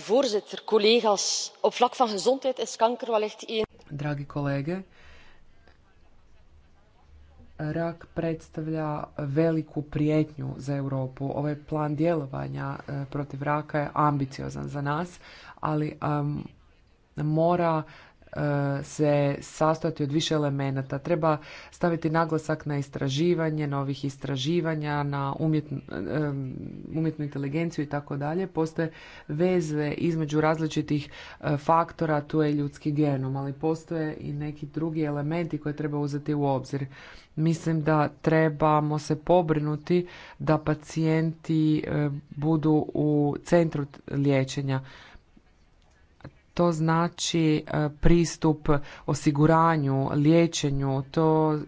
voorzitter collega's op vlak van gezondheid is kanker wellicht een. dragi kolege rak predstavlja veliku prijetnju za europu ovaj plan djelovanja eh, protiv raka je ambiciozan za nas ali mora se sastojati od više elemenata. Treba staviti naglasak na istraživanje, novih istraživanja, na umjetnu, umjetnu inteligenciju i tako dalje. Postoje veze između različitih e, faktora, tu je ljudski genom, ali postoje i neki drugi elementi koje treba uzeti u obzir. Mislim da trebamo se pobrinuti da pacijenti e, budu u centru liječenja to znači e, pristup osiguranju, liječenju, to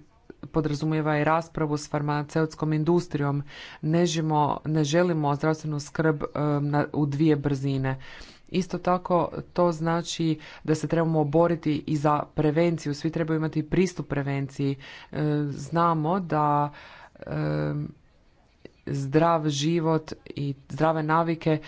podrazumijeva i raspravu s farmaceutskom industrijom. Ne, ne želimo zdravstvenu skrb e, u dvije brzine. Isto tako to znači da se trebamo boriti i za prevenciju. Svi trebaju imati pristup prevenciji. E, znamo da zdrav život i zdrave navike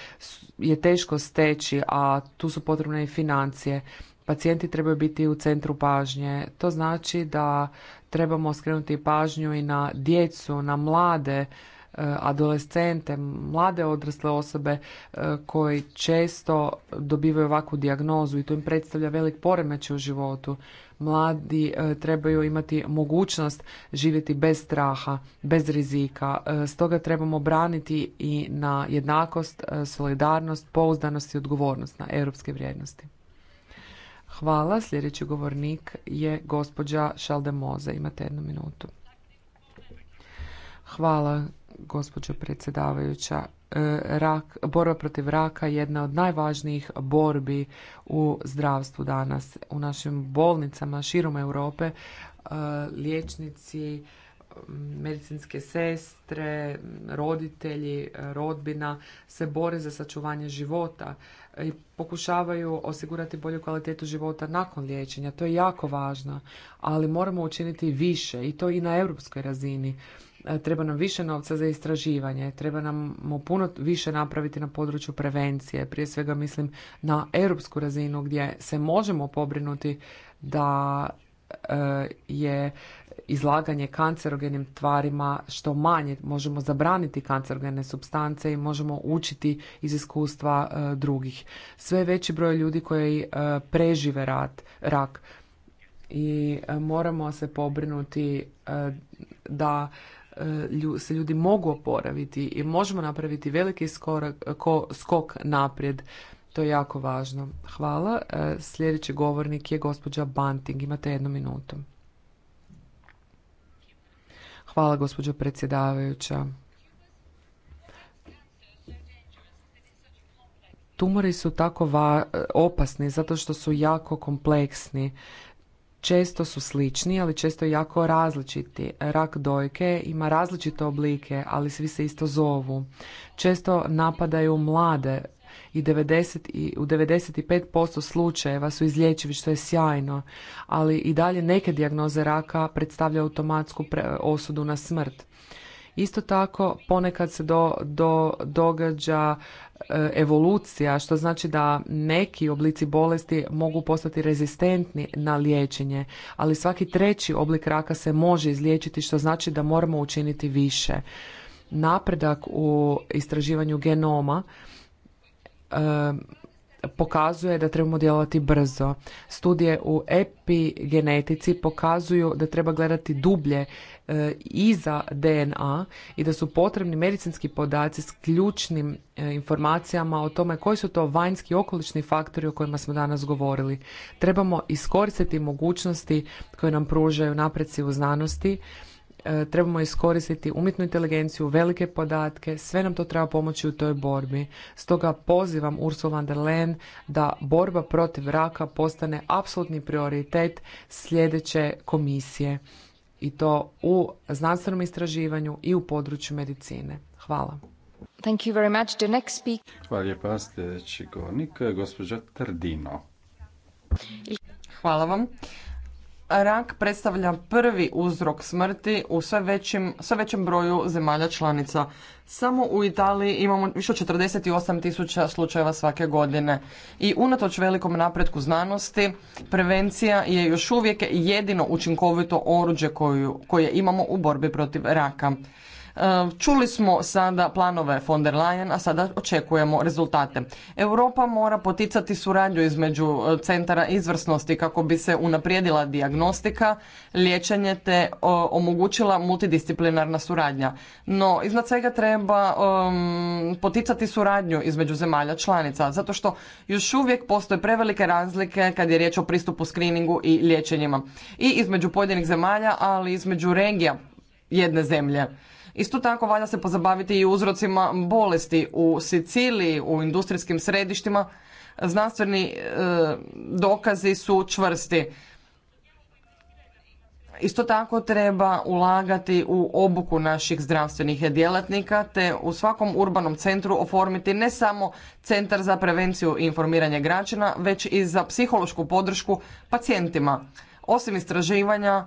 je teško steći, a tu su potrebne i financije. Pacijenti trebaju biti u centru pažnje. To znači da trebamo skrenuti pažnju i na djecu, na mlade, e, adolescente, mlade odrasle osobe e, koji često dobivaju ovakvu dijagnozu i to im predstavlja velik poremećaj u životu. Mladi e, trebaju imati mogućnost živjeti bez straha, bez rizika. E, stoga trebamo braniti i na jednakost, e, solidarnost, pouzdanost i odgovornost na europske vrijednosti. Hvala. Sljedeći govornik je gospođa Šaldemoza. Imate jednu minutu. Hvala, gospođo predsjedavajuća. E, rak, borba protiv raka jedna od najvažnijih borbi u zdravstvu danas. U našim bolnicama širom Europe e, liječnici, medicinske sestre, roditelji, rodbina se bore za sačuvanje života i pokušavaju osigurati bolju kvalitetu života nakon liječenja. To je jako važno, ali moramo učiniti više i to i na europskoj razini E, treba nam više novca za istraživanje, treba nam puno više napraviti na području prevencije, prije svega mislim na europsku razinu gdje se možemo pobrinuti da e, je izlaganje kancerogenim tvarima što manje. Možemo zabraniti kancerogene substance i možemo učiti iz iskustva e, drugih. Sve veći broj ljudi koji prežive rat, rak i moramo se pobrinuti da E, se ljudi mogu oporaviti i možemo napraviti veliki skorak, skok naprijed. To je jako važno. Hvala. E, sljedeći govornik je gospođa Banting. Imate jednu minutu. Hvala gospođo predsjedavajuća. Tumori su tako e, opasni zato što su jako kompleksni često su slični, ali često jako različiti. Rak dojke ima različite oblike, ali svi se isto zovu. Često napadaju mlade i, 90, i u 95% slučajeva su izlječivi što je sjajno, ali i dalje neke dijagnoze raka predstavljaju automatsku osudu na smrt. Isto tako ponekad se do, do, događa E, evolucija, što znači da neki oblici bolesti mogu postati rezistentni na liječenje, ali svaki treći oblik raka se može izliječiti, što znači da moramo učiniti više. Napredak u istraživanju genoma e, pokazuje da trebamo djelovati brzo. Studije u epigenetici pokazuju da treba gledati dublje E, i za DNA i da su potrebni medicinski podaci s ključnim e, informacijama o tome koji su to vanjski okolični faktori o kojima smo danas govorili. Trebamo iskoristiti mogućnosti koje nam pružaju napreci u znanosti, e, trebamo iskoristiti umjetnu inteligenciju, velike podatke, sve nam to treba pomoći u toj borbi. Stoga pozivam Ursula van der Leyen da borba protiv raka postane apsolutni prioritet sljedeće komisije i to u znanstvenom istraživanju i u području medicine. Hvala. Thank you very much. The next speak... Hvala lijepa, sljedeći govornik, gospođa Tardino. Hvala vam rak predstavlja prvi uzrok smrti u sve sve većem broju zemalja članica. Samo u Italiji imamo više od 48 tisuća slučajeva svake godine. I unatoč velikom napretku znanosti, prevencija je još uvijek jedino učinkovito oruđe koju, koje imamo u borbi protiv raka. Ehm, čuli smo sada planove von der Leyen, a sada očekujemo rezultate. Europa mora poticati suradnju između e, centara izvrsnosti kako bi se unaprijedila dijagnostika, liječenje te omogućila multidisciplinarna suradnja. No, iznad svega treba ehm, poticati suradnju između zemalja članica, zato što još uvijek postoje prevelike razlike kad je riječ o pristupu skriningu i liječenjima. I između pojedinih zemalja, ali između regija jedne zemlje. Isto tako valja se pozabaviti i uzrocima bolesti u Siciliji, u industrijskim središtima. Znanstveni e, dokazi su čvrsti. Isto tako treba ulagati u obuku naših zdravstvenih djelatnika te u svakom urbanom centru oformiti ne samo centar za prevenciju i informiranje građana, već i za psihološku podršku pacijentima. Osim istraživanja,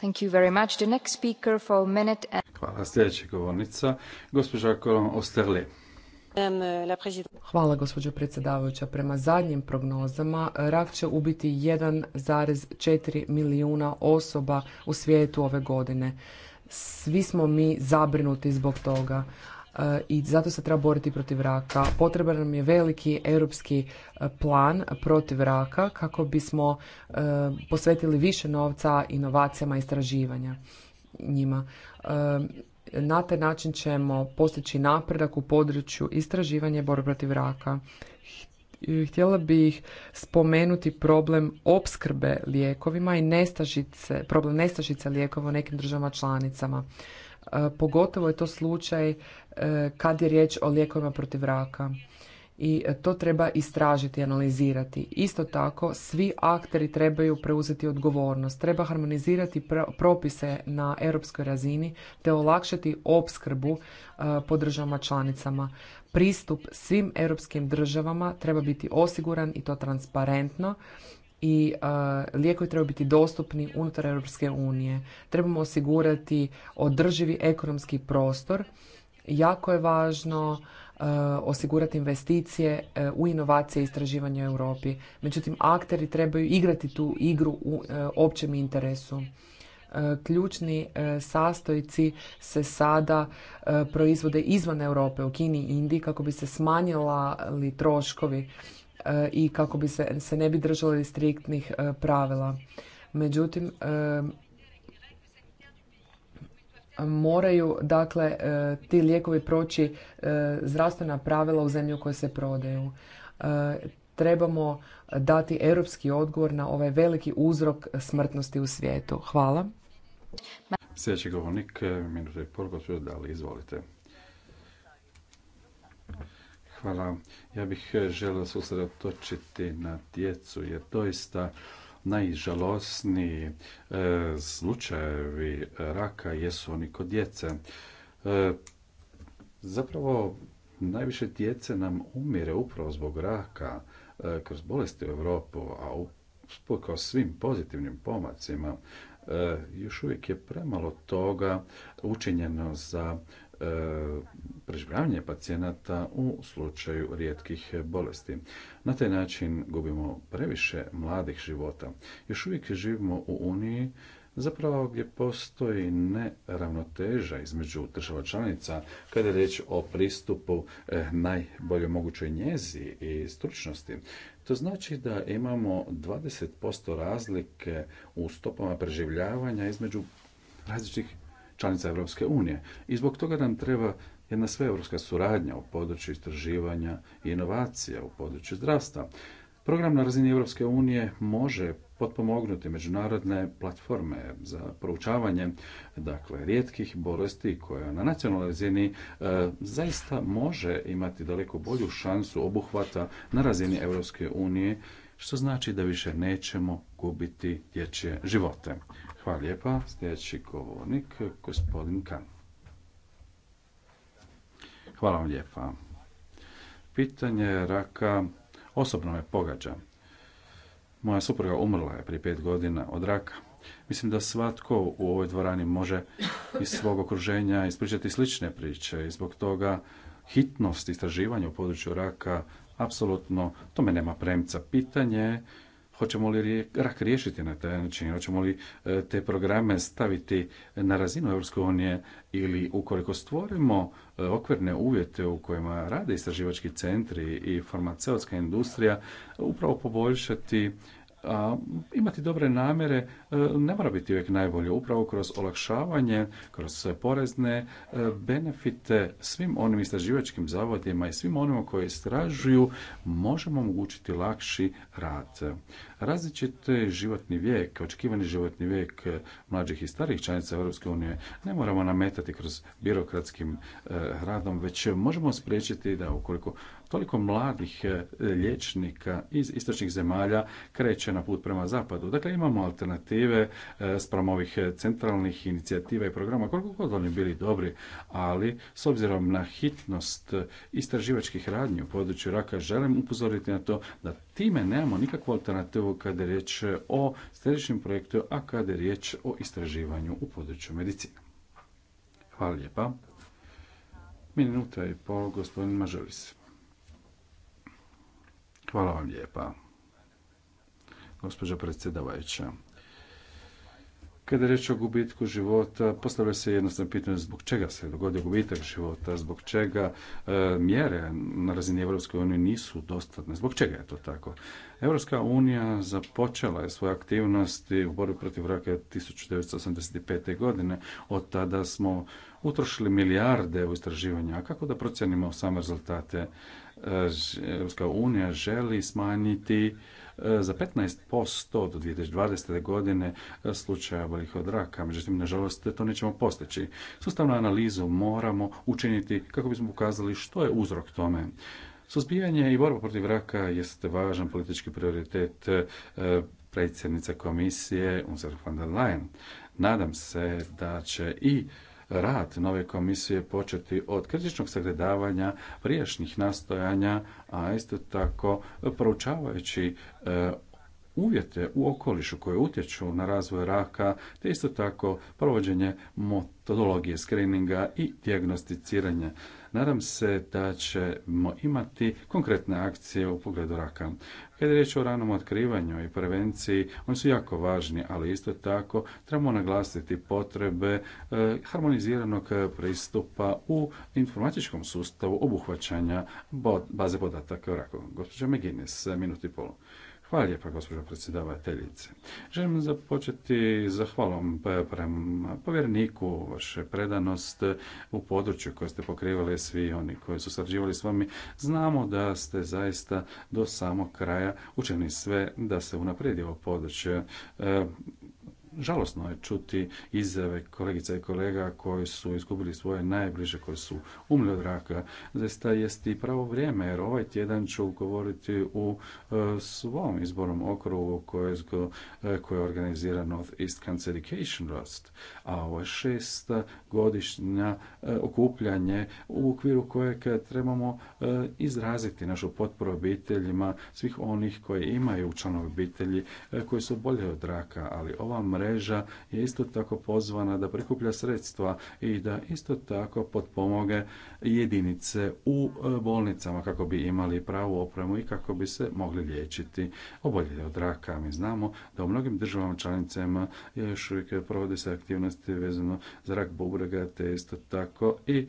Thank you very much. The next speaker for a minute Hvala. Sljedeća govornica, gospođa Osterle. Hvala gospođo predsjedavajuća. Prema zadnjim prognozama rak će ubiti 1,4 milijuna osoba u svijetu ove godine. Svi smo mi zabrinuti zbog toga. E, i zato se treba boriti protiv raka. Potreban nam je veliki europski e, plan protiv raka kako bismo e, posvetili više novca inovacijama i istraživanja njima. Na taj način ćemo postići napredak u području istraživanja i borbe protiv raka. Htjela bih spomenuti problem opskrbe lijekovima i nestašice, problem nestašice lijekova u nekim državama članicama. Pogotovo je to slučaj Eh, kad je riječ o lijekovima protiv raka i eh, to treba istražiti, i analizirati. Isto tako, svi akteri trebaju preuzeti odgovornost. Treba harmonizirati propise na europskoj razini te olakšati opskrbu eh, po državama članicama. Pristup svim europskim državama treba biti osiguran i to transparentno i lijekovi trebaju biti dostupni unutar Europske unije. Trebamo osigurati održivi ekonomski prostor Jako je važno e, osigurati investicije e, u inovacije i istraživanje u Europi. Međutim, akteri trebaju igrati tu igru u e, općem interesu. Ključni sastojci se sada proizvode izvan Europe, u Kini i Indiji, kako bi se smanjili troškovi i kako bi se, se ne bi držali striktnih pravila. Međutim, moraju dakle e, ti lijekovi proći e, zdravstvena pravila u zemlji u kojoj se prodaju. E, trebamo dati europski odgovor na ovaj veliki uzrok smrtnosti u svijetu. Hvala. Sljedeći govornik, minuta i pol, gospođo Dali, izvolite. Hvala. Ja bih želio se usredotočiti na djecu, jer doista najžalosniji e, slučajevi raka jesu oni kod djece. E, zapravo najviše djece nam umire upravo zbog raka e, kroz bolesti u Europu, a usprkos svim pozitivnim pomacima još uvijek je premalo toga učinjeno za E, preživljavanje pacijenata u slučaju rijetkih bolesti. Na taj način gubimo previše mladih života. Još uvijek živimo u Uniji zapravo gdje postoji neravnoteža između država članica kada je riječ o pristupu e, najbolje mogućoj njezi i stručnosti. To znači da imamo 20% razlike u stopama preživljavanja između različitih članica Europske unije. I zbog toga nam treba jedna sveevropska suradnja u području istraživanja i inovacija u području zdravstva. Program na razini Europske unije može potpomognuti međunarodne platforme za proučavanje dakle rijetkih bolesti koja na nacionalnoj razini e, zaista može imati daleko bolju šansu obuhvata na razini Europske unije što znači da više nećemo gubiti dječje živote. Hvala lijepa. Sljedeći govornik, gospodin Kan. Hvala vam lijepa. Pitanje raka osobno me pogađa. Moja supruga umrla je prije pet godina od raka. Mislim da svatko u ovoj dvorani može iz svog okruženja ispričati slične priče i zbog toga hitnost istraživanja u području raka apsolutno tome nema premca. Pitanje Hoćemo li rak riješiti na taj način? Hoćemo li e, te programe staviti na razinu Europske unije ili ukoliko stvorimo e, okvirne uvjete u kojima rade istraživački centri i farmaceutska industrija, upravo poboljšati a imati dobre namjere e, ne mora biti uvijek najbolje. Upravo kroz olakšavanje, kroz porezne e, benefite svim onim istraživačkim zavodima i svim onima koji istražuju možemo omogućiti lakši rad. Različite životni vijek, očekivani životni vijek e, mlađih i starih članica Europske unije ne moramo nametati kroz birokratskim radom, već možemo spriječiti da ukoliko toliko mladih e, liječnika iz istočnih zemalja kreće na put prema zapadu. Dakle, imamo alternative e, spram ovih e, centralnih inicijativa i programa, koliko god oni bili dobri, ali s obzirom na hitnost istraživačkih radnji u području raka, želim upozoriti na to da time nemamo nikakvu alternativu kada je riječ o središnjem projektu, a kada je riječ o istraživanju u području medicine. Hvala lijepa. Minuta i pol, gospodin Mažuris. Hvala vam lijepa. Gospođo predsjedavajuća, kada je reč o gubitku života, postavlja se jednostavno pitanje zbog čega se dogodio gubitak života, zbog čega e, mjere na razini EU unije nisu dostatne, zbog čega je to tako? Europska unija započela je svoje aktivnosti u borbi protiv raka 1985. godine. Od tada smo utrošili milijarde u istraživanja. A kako da procijenimo same rezultate? Europska unija želi smanjiti e, za 15% do 2020. godine slučaja boljih od raka. Međutim, nažalost, to nećemo postići. Sustavnu analizu moramo učiniti kako bismo pokazali što je uzrok tome. Suzbijanje i borba protiv raka jeste važan politički prioritet e, predsjednice komisije Unzer von der Leyen. Nadam se da će i rad nove komisije početi od kritičnog sagledavanja prijašnjih nastojanja, a isto tako proučavajući e, uvjete u okolišu koje utječu na razvoj raka, te isto tako provođenje metodologije skrininga i dijagnosticiranja Nadam se da ćemo imati konkretne akcije u pogledu raka. Kad je riječ o ranom otkrivanju i prevenciji, oni su jako važni, ali isto tako trebamo naglasiti potrebe e, harmoniziranog pristupa u informatičkom sustavu obuhvaćanja baze podataka o raku. Gospođa McGinnis, minut i Hvala lijepa, gospođo predsjedavateljice. Želim započeti zahvalom prema povjerniku vaše predanost u području koje ste pokrivali svi oni koji su srđivali s vami. Znamo da ste zaista do samog kraja učinili sve da se unaprijedi ovo područje. E, žalosno je čuti izjave kolegica i kolega koji su izgubili svoje najbliže, koji su umrli od raka. Zaista jest i pravo vrijeme, jer ovaj tjedan ću govoriti u e, svom izbornom okrugu koje je e, organizira North East Cancer Education Trust, a ovo je šest godišnja e, okupljanje u okviru kojeg trebamo izraziti našu potporu obiteljima svih onih koji imaju članove obitelji koji su bolje od raka, ali ova mreža mreža je isto tako pozvana da prikuplja sredstva i da isto tako potpomoge jedinice u e, bolnicama kako bi imali pravu opremu i kako bi se mogli liječiti oboljeli od raka. Mi znamo da u mnogim državama članicama još uvijek provode se aktivnosti vezano za rak bubrega te isto tako i e,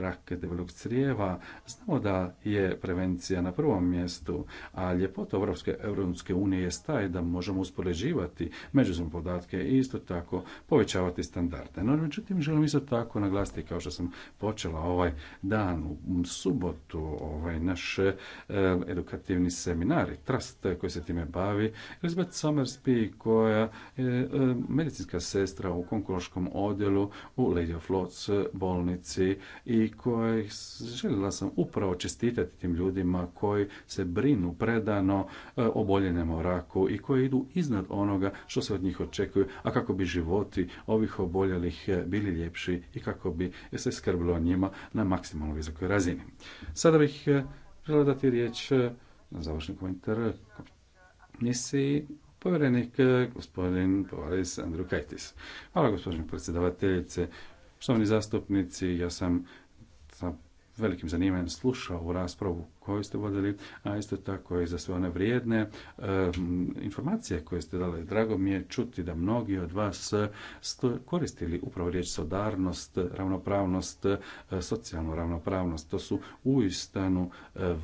rak debelog crijeva. Znamo da je prevencija na prvom mjestu, a ljepota Europske, Europske unije je da možemo uspoređivati međusobno podatke i isto tako povećavati standarde. No, međutim, želim isto tako naglasiti kao što sam počela ovaj dan u subotu, ovaj naš e, edukativni seminar i trust koji se time bavi, Elizabeth Somersby koja je e, medicinska sestra u konkološkom odjelu u Lady of Lodz bolnici i koja željela sam upravo čestitati tim ljudima koji se brinu predano e, raku i koji idu iznad onoga što se od njih očekuje očekuju, a kako bi životi ovih oboljelih eh, bili ljepši i kako bi se skrbilo njima na maksimalno visokoj razini. Sada bih eh, želio dati riječ eh, na završni komentar nisi povjerenik gospodin Povaris kajtis Hvala gospodine predsjedavateljice, štovani zastupnici, ja sam sa velikim zanimanjem slušao u raspravu koji ste vodili, a isto tako i za sve one vrijedne e, informacije koje ste dali. Drago mi je čuti da mnogi od vas e, ste koristili upravo riječ sodarnost, ravnopravnost, e, socijalnu ravnopravnost. To su uistanu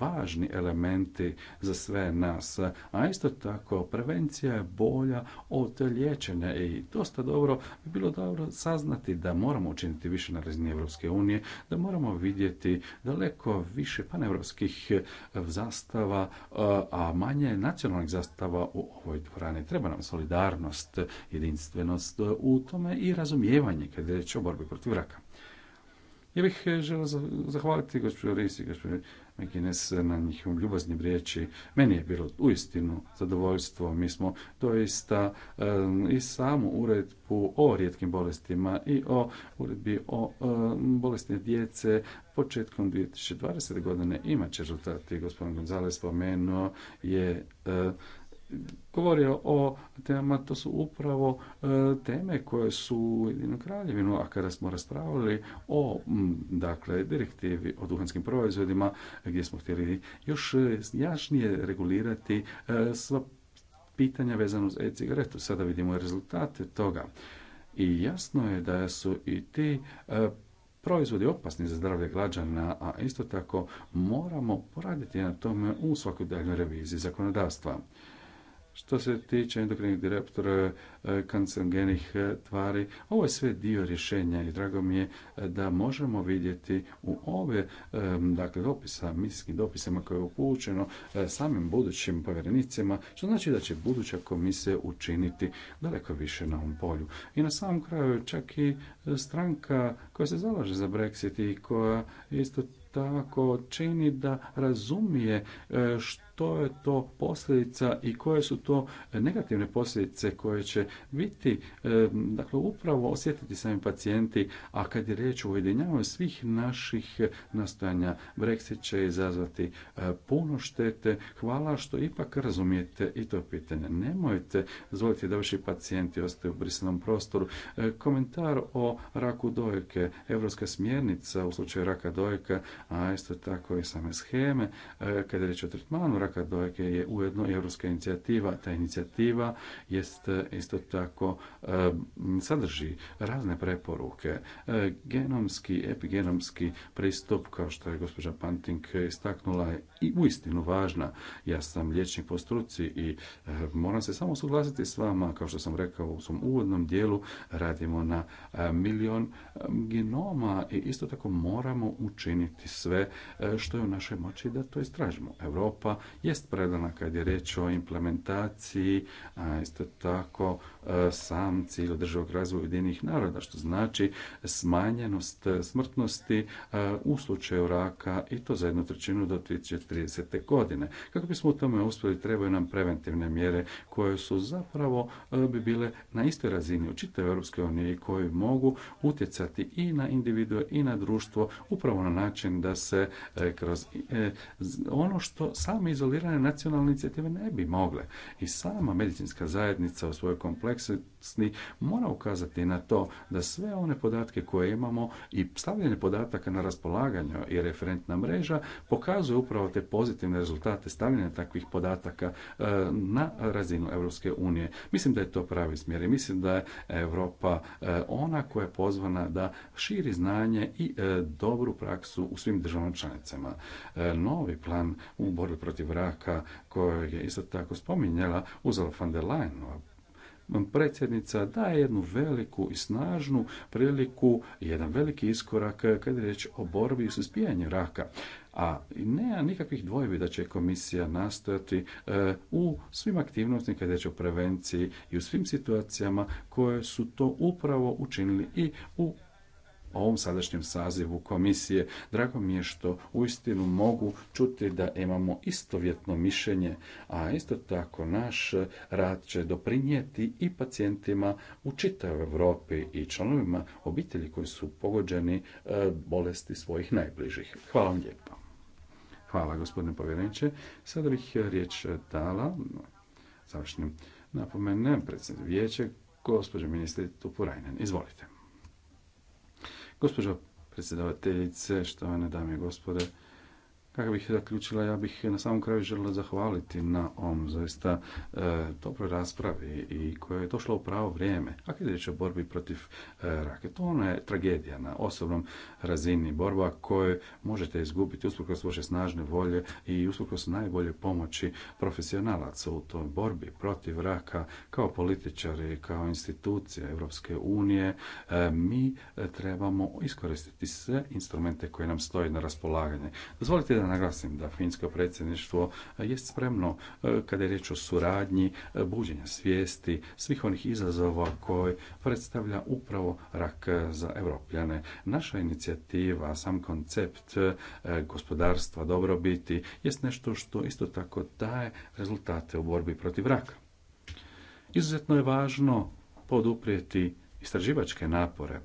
važni elementi za sve nas. A isto tako prevencija je bolja od liječenja i dosta dobro bi bilo dobro saznati da moramo učiniti više na razini Europske unije, da moramo vidjeti daleko više panevropskih zastava, a manje nacionalnih zastava u ovoj dvorani. Treba nam solidarnost, jedinstvenost u tome i razumijevanje kada je riječ o borbi protiv raka. Ja bih e, želio zahvaliti gospođu Risi i gospođu Mekines na njihovim ljubaznim riječi. Meni je bilo uistinu zadovoljstvo. Mi smo doista e, i samu uredbu o rijetkim bolestima i o uredbi o um, djece početkom 2020. godine imat će rezultati. Gospodin Gonzalez spomenuo je govorio o temama, to su upravo e, teme koje su u kraljevinu, a kada smo raspravili o dakle, direktivi o duhanskim proizvodima, gdje smo htjeli još e, jasnije regulirati e, sva pitanja vezano uz e-cigaretu. Sada vidimo rezultate toga. I jasno je da su i ti proizvodi opasni za zdravlje građana, a isto tako moramo poraditi na tome u svakodnevnoj reviziji zakonodavstva. Što se tiče endokrinih direktora, E, kancerogenih e, tvari. Ovo je sve dio rješenja i drago mi je e, da možemo vidjeti u ove dakle, dopisa, misijskim dopisima koje je upućeno samim budućim povjerenicima, što znači da će buduća komisija učiniti daleko više na ovom polju. I na samom kraju čak i stranka koja se zalaže za Brexit i koja isto tako čini da razumije što je to posljedica i koje su to negativne posljedice koje će biti, dakle, upravo osjetiti sami pacijenti, a kad je riječ o ujedinjavanju svih naših nastojanja, Brexit će izazvati e, puno štete. Hvala što ipak razumijete i to pitanje. Nemojte zvoliti da vaši pacijenti ostaju u brisnom prostoru. E, komentar o raku dojke, evropska smjernica u slučaju raka dojka, a isto tako i same scheme, e, kad je riječ o tretmanu raka dojke je ujedno europska inicijativa. Ta inicijativa jest isto tako e, sadrži razne preporuke. E, genomski, epigenomski pristup, kao što je gospođa Panting istaknula, je i uistinu važna. Ja sam liječnik po struci i e, moram se samo suglasiti s vama, kao što sam rekao u svom uvodnom dijelu, radimo na milion genoma i isto tako moramo učiniti sve što je u našoj moći da to istražimo. Europa jest predana kad je reč o implementaciji, a isto tako sam cilj održavog razvoja Ujedinjenih naroda, što znači smanjenost smrtnosti e, u slučaju raka i to za jednu trećinu do 2030. godine. Kako bismo u tome uspjeli, trebaju nam preventivne mjere koje su zapravo e, bi bile na istoj razini u čitavoj Europskoj uniji koje mogu utjecati i na individue i na društvo upravo na način da se e, kroz ono što same izolirane nacionalne inicijative ne bi mogle i sama medicinska zajednica u svojoj kompleksnosti kompleksni, mora ukazati na to da sve one podatke koje imamo i stavljanje podataka na raspolaganje i referentna mreža pokazuje upravo te pozitivne rezultate stavljanja takvih podataka e, na razinu Europske unije. Mislim da je to pravi smjer i mislim da je Europa e, ona koja je pozvana da širi znanje i e, dobru praksu u svim državama članicama. Novi plan u borbi protiv raka koji je isto tako spominjala uzela van der Leyen, predsjednica daje jednu veliku i snažnu priliku, jedan veliki iskorak eh, kada je riječ o borbi i suspijanju raka a nema nikakvih dvojbi da će komisija nastojati eh, u svim aktivnostima kada je o prevenciji i u svim situacijama koje su to upravo učinili i u ovom sadašnjem sazivu komisije. Drago mi je što uistinu mogu čuti da imamo istovjetno mišljenje, a isto tako naš rad će doprinijeti i pacijentima u čitavoj Europi i članovima obitelji koji su pogođeni e, bolesti svojih najbližih. Hvala vam lijepo. Hvala gospodine povjereniče. Sada bih e, riječ e, dala završnim napomenem predsjednik vijeće gospođo ministri Tupurajnen. Izvolite. Gospođo predsjedavateljice, štovane dame i gospode, kako bih zaključila, ja bih na samom kraju želila zahvaliti na ovom zaista e, dobroj raspravi i koja je došla u pravo vrijeme. A kada je o borbi protiv e, rake, to ona je tragedija na osobnom razini. Borba koju možete izgubiti usprkos vaše snažne volje i usprkos najbolje pomoći profesionalaca u toj borbi protiv raka kao političari, kao institucije Europske unije. E, mi e, trebamo iskoristiti sve instrumente koje nam stoje na raspolaganje. Dozvolite da naglasim da finsko predsjedništvo e, je spremno e, kada je riječ o suradnji, e, buđenja svijesti, svih onih izazova koje predstavlja upravo rak za europljane. Naša inicijativa, sam koncept gospodarstva dobrobiti jest nešto što isto tako daje rezultate u borbi protiv raka. Izuzetno je važno poduprijeti istraživačke napore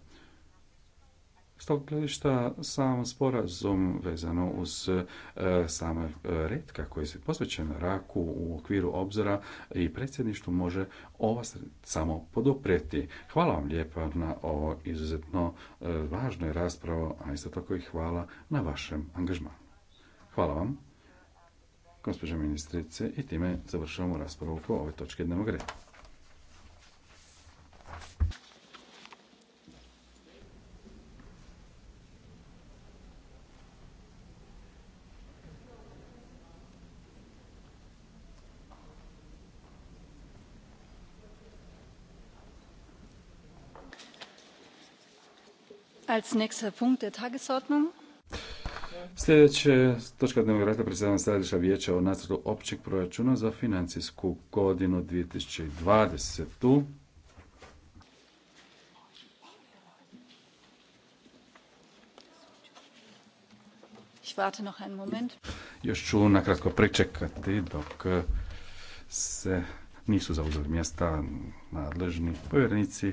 tog gledišta sam sporazum vezano uz e, same redka koji se posvećen raku u okviru obzora i predsjedništvu može ova samo podopreti. Hvala vam lijepa na ovo izuzetno e, važnoj raspravo, a isto tako i hvala na vašem angažmanu. Hvala vam, gospođo ministrice, i time završavamo raspravu po ovoj točki dnevnog reda. Als Punkt točka dnevnog reda predstavlja stajališta vijeća o nacrtu općeg proračuna za financijsku godinu 2020. warte Moment. Još ću nakratko pričekati dok se nisu zauzeli mjesta nadležni povjerenici.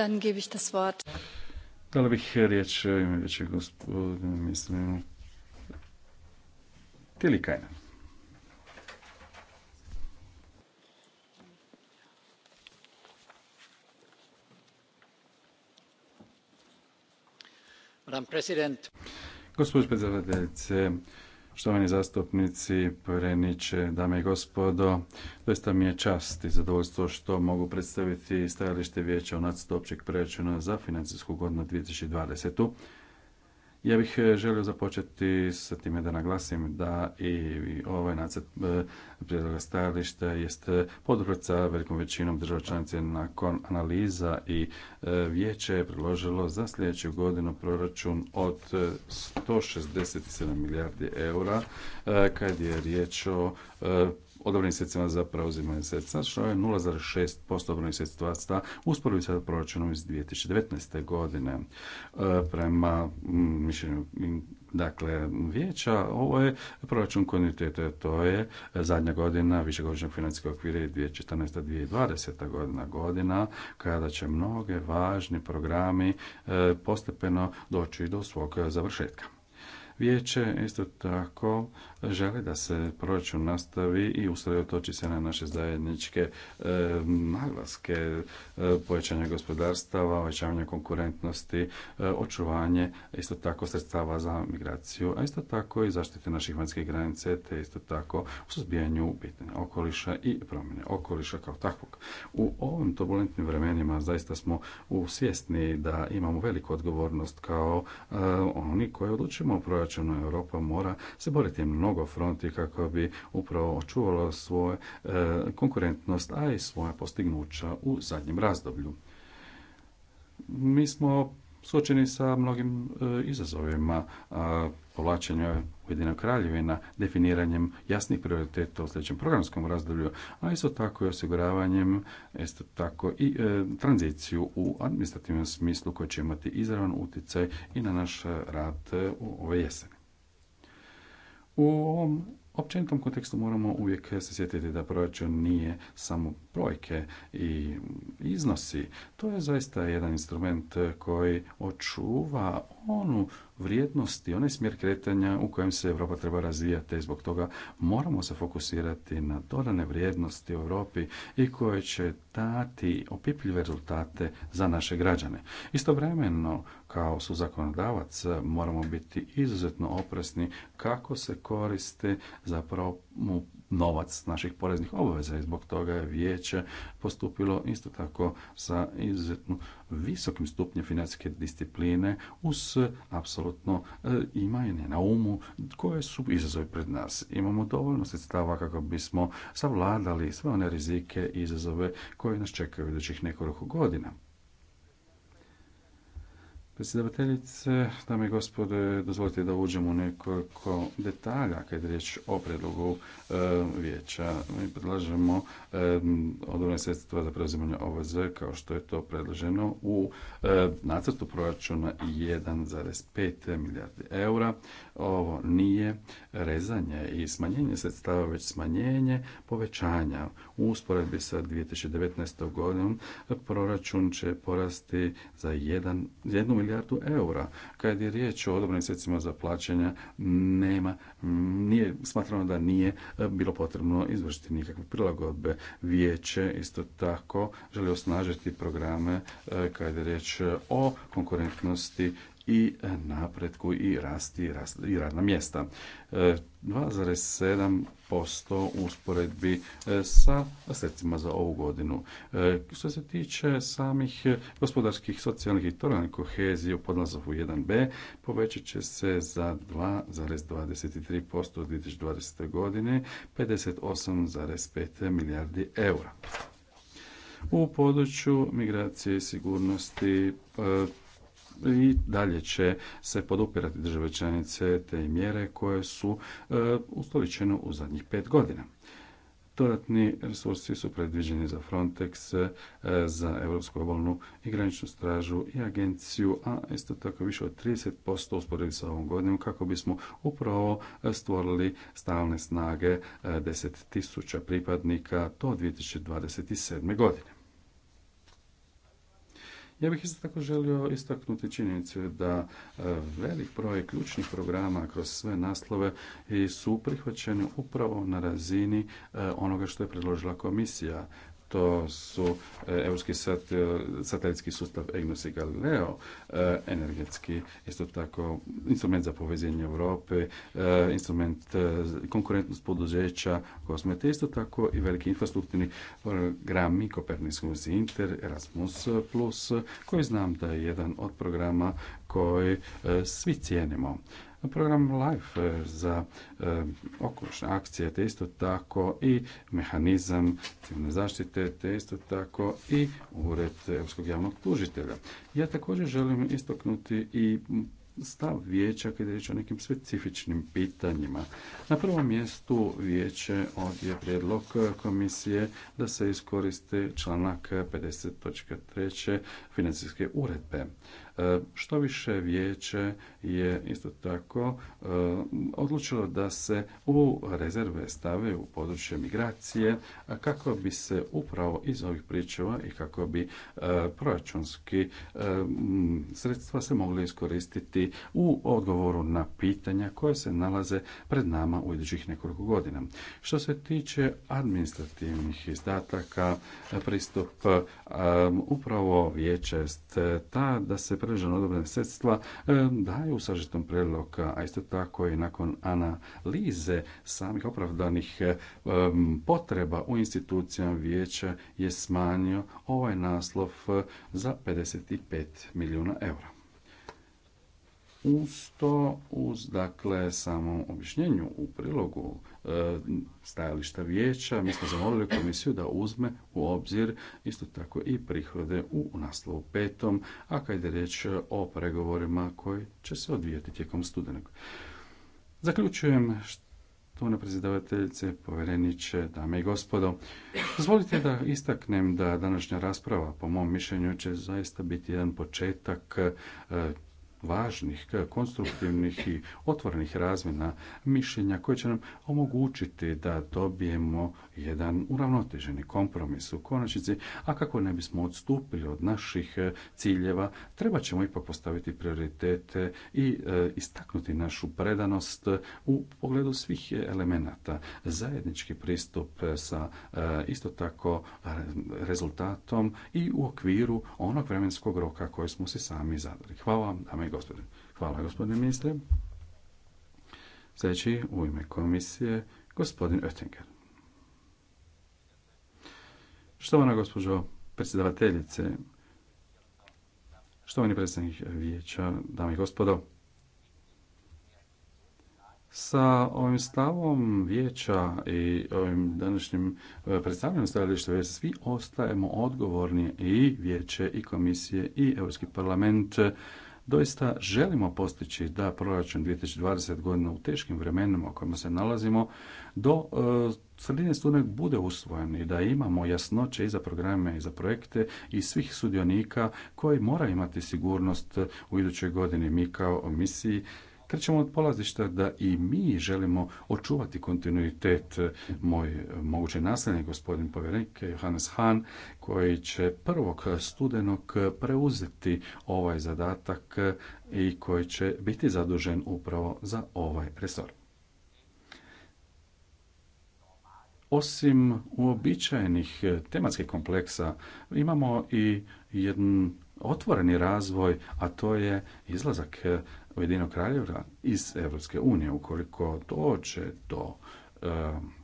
Dann gebe ich das Wort. Dala bih riječ e, ime veće gospodine, mislim, Tili Kajna. Madam President. Gospodin predsjedavateljice, Štovani zastupnici, povjereniče, dame i gospodo, doista mi je čast i zadovoljstvo što mogu predstaviti stajalište vijeća o nacrtu općeg proračuna za financijsku godinu 2020. Ja bih e, želio započeti sa time da naglasim da i ovaj nacrt e, prijedloga stajališta jest podroca velikom većinom država članice nakon analiza i e, vijeće je priložilo za sljedeću godinu proračun od 167 milijardi eura kad je riječ o odobrenih sredstvima za preuzimanje sredstva, što je 0,6% odobrenih sredstva usporedbi sa proračunom iz 2019. godine. E, prema mm, mišljenju mm, Dakle, vijeća, ovo je proračun kontinuiteta, to je zadnja godina višegodišnjeg financijskog okvira 2014-2020. godina, godina kada će mnoge važni programi e, postepeno doći do svog završetka. Vijeće isto tako želi da se proračun nastavi i usredotoči se na naše zajedničke e, naglaske e, povećanja gospodarstava, povećavanja konkurentnosti, e, očuvanje isto tako sredstava za migraciju, a isto tako i zaštite naših vanjskih granice, te isto tako u suzbijanju pitanja okoliša i promjene okoliša kao takvog. U ovim turbulentnim vremenima zaista smo svjesni da imamo veliku odgovornost kao oni koji odlučimo o proračunu Europa mora se boriti mnogo mnogo fronti kako bi upravo očuvalo svoju e, konkurentnost, a i svoja postignuća u zadnjem razdoblju. Mi smo suočeni sa mnogim e, izazovima povlačenja ujedinog kraljevina definiranjem jasnih prioriteta u sljedećem programskom razdoblju, a isto tako i osiguravanjem isto tako i e, tranziciju u administrativnom smislu koji će imati izravan utjecaj i na naš rad u ove jeseni. U ovom općenitom kontekstu moramo uvijek se sjetiti da proračun nije samo brojke i iznosi. To je zaista jedan instrument koji očuva onu vrijednost i onaj smjer kretanja u kojem se Europa treba razvijati zbog toga moramo se fokusirati na dodane vrijednosti u Europi i koje će dati opipljive rezultate za naše građane. Istovremeno kao su zakonodavac e, moramo biti izuzetno opresni kako se koriste zapravo novac naših poreznih obaveza i zbog toga je vijeće postupilo isto tako sa izuzetno visokim stupnjem financijske discipline uz apsolutno e, imanje na umu koje su izazovi pred nas. Imamo dovoljno sredstava kako bismo savladali sve one rizike i izazove koje nas čekaju idućih nekoliko godina. Predsjedavateljice, dame i gospode, dozvolite da uđemo u nekoliko detalja kad je riječ o predlogu e, vijeća. Mi predlažemo e, sredstva za preuzimanje OVZ kao što je to predloženo u e, nacrtu proračuna 1,5 milijardi eura. Ovo nije rezanje i smanjenje sredstava, već smanjenje povećanja. U usporedbi sa 2019. godinom proračun će porasti za 1, milijardu eura. Kad je riječ o odobrenim sredstvima za plaćanja, nema, nije, smatramo da nije bilo potrebno izvršiti nikakve prilagodbe. Vijeće isto tako želi osnažiti programe eh, kad je riječ o konkurentnosti i napretku i rasti i radna mjesta. 2,7% e, usporedbi e, sa sredstvima za ovu godinu. E, što se tiče samih gospodarskih, socijalnih i toranih kohezije u podnazovu 1b, povećat će se za 2,23% u 2020. godine 58,5 milijardi eura. U području migracije i sigurnosti i dalje će se podupirati države članice te mjere koje su e, ustoličene u zadnjih pet godina. Dodatni resursi su predviđeni za Frontex, e, za Europsku obalnu i graničnu stražu i agenciju, a isto tako više od 30% usporedili sa ovom godinom kako bismo upravo e, stvorili stalne snage 10.000 pripadnika do 2027. godine. Ja bih isto tako želio istaknuti činjenicu da e, velik broj ključnih programa kroz sve naslove su prihvaćeni upravo na razini e, onoga što je predložila komisija to su europski e, satelitski sustav EGNOS i Galileo, e, energetski, isto tako instrument za povezanje Europe, e, instrument konkurentnost poduzeća, kosmete, isto tako i veliki infrastrukturni programi Kopernikus Inter, Erasmus+, koji znam da je jedan od programa koji svi cijenimo program LIFE e, za e, okolišne akcije, te isto tako i mehanizam civilne zaštite, te isto tako i ured Europskog javnog tužitelja. Ja također želim istaknuti i stav vijeća kada je riječ o nekim specifičnim pitanjima. Na prvom mjestu vijeće ovdje prijedlog komisije da se iskoriste članak 50.3. financijske uredbe. E, što više vijeće je isto tako e, odlučilo da se u rezerve stave u područje migracije kako bi se upravo iz ovih pričeva i kako bi e, proračunski sredstva se mogli iskoristiti u odgovoru na pitanja koje se nalaze pred nama u idućih nekoliko godina. Što se tiče administrativnih izdataka, pristup upravo vijeće ta da se određena odobrena sredstva e, daju u sažetom preloka, a isto tako i nakon analize samih opravdanih e, potreba u institucijama vijeća je smanjio ovaj naslov e, za 55 milijuna eura. Uz to, uz dakle samom objašnjenju u prilogu e, stajališta vijeća, mi smo zamolili komisiju da uzme u obzir isto tako i prihode u naslovu petom, a kad je riječ o pregovorima koji će se odvijati tijekom studenog. Zaključujem na prezidavateljice, povjereniče, dame i gospodo. Dozvolite da istaknem da današnja rasprava, po mom mišljenju, će zaista biti jedan početak e, važnih, konstruktivnih i otvorenih razmjena mišljenja koje će nam omogućiti da dobijemo jedan uravnoteženi kompromis u konačnici, a kako ne bismo odstupili od naših e, ciljeva, treba ćemo ipak postaviti prioritete i e, istaknuti našu predanost u pogledu svih elemenata. Zajednički pristup e, sa isto tako rezultatom i u okviru onog vremenskog roka koji smo si sami zadali. Hvala vam, dame gospodine. Hvala gospodine ministre. Sljedeći u ime komisije gospodin Oettinger. Štovana gospođo predsjedavateljice, štovani predsjednik vijeća, dame i gospodo, sa ovim stavom vijeća i ovim današnjim e, predstavljanjem stajališta vijeća svi ostajemo odgovorni i vijeće i komisije i Europski parlament doista želimo postići da proračun 2020 godina u teškim vremenima u kojima se nalazimo do e, sredine studenog bude usvojen i da imamo jasnoće i za programe i za projekte i svih sudionika koji moraju imati sigurnost u idućoj godini. Mi kao misiji krećemo od polazišta da i mi želimo očuvati kontinuitet moj mogući nasljednik, gospodin povjerenik Johannes Hahn, koji će prvog studenog preuzeti ovaj zadatak i koji će biti zadužen upravo za ovaj resor. Osim uobičajenih tematskih kompleksa, imamo i jedan otvoreni razvoj, a to je izlazak Ujedino kraljevra iz Europske unije, ukoliko dođe do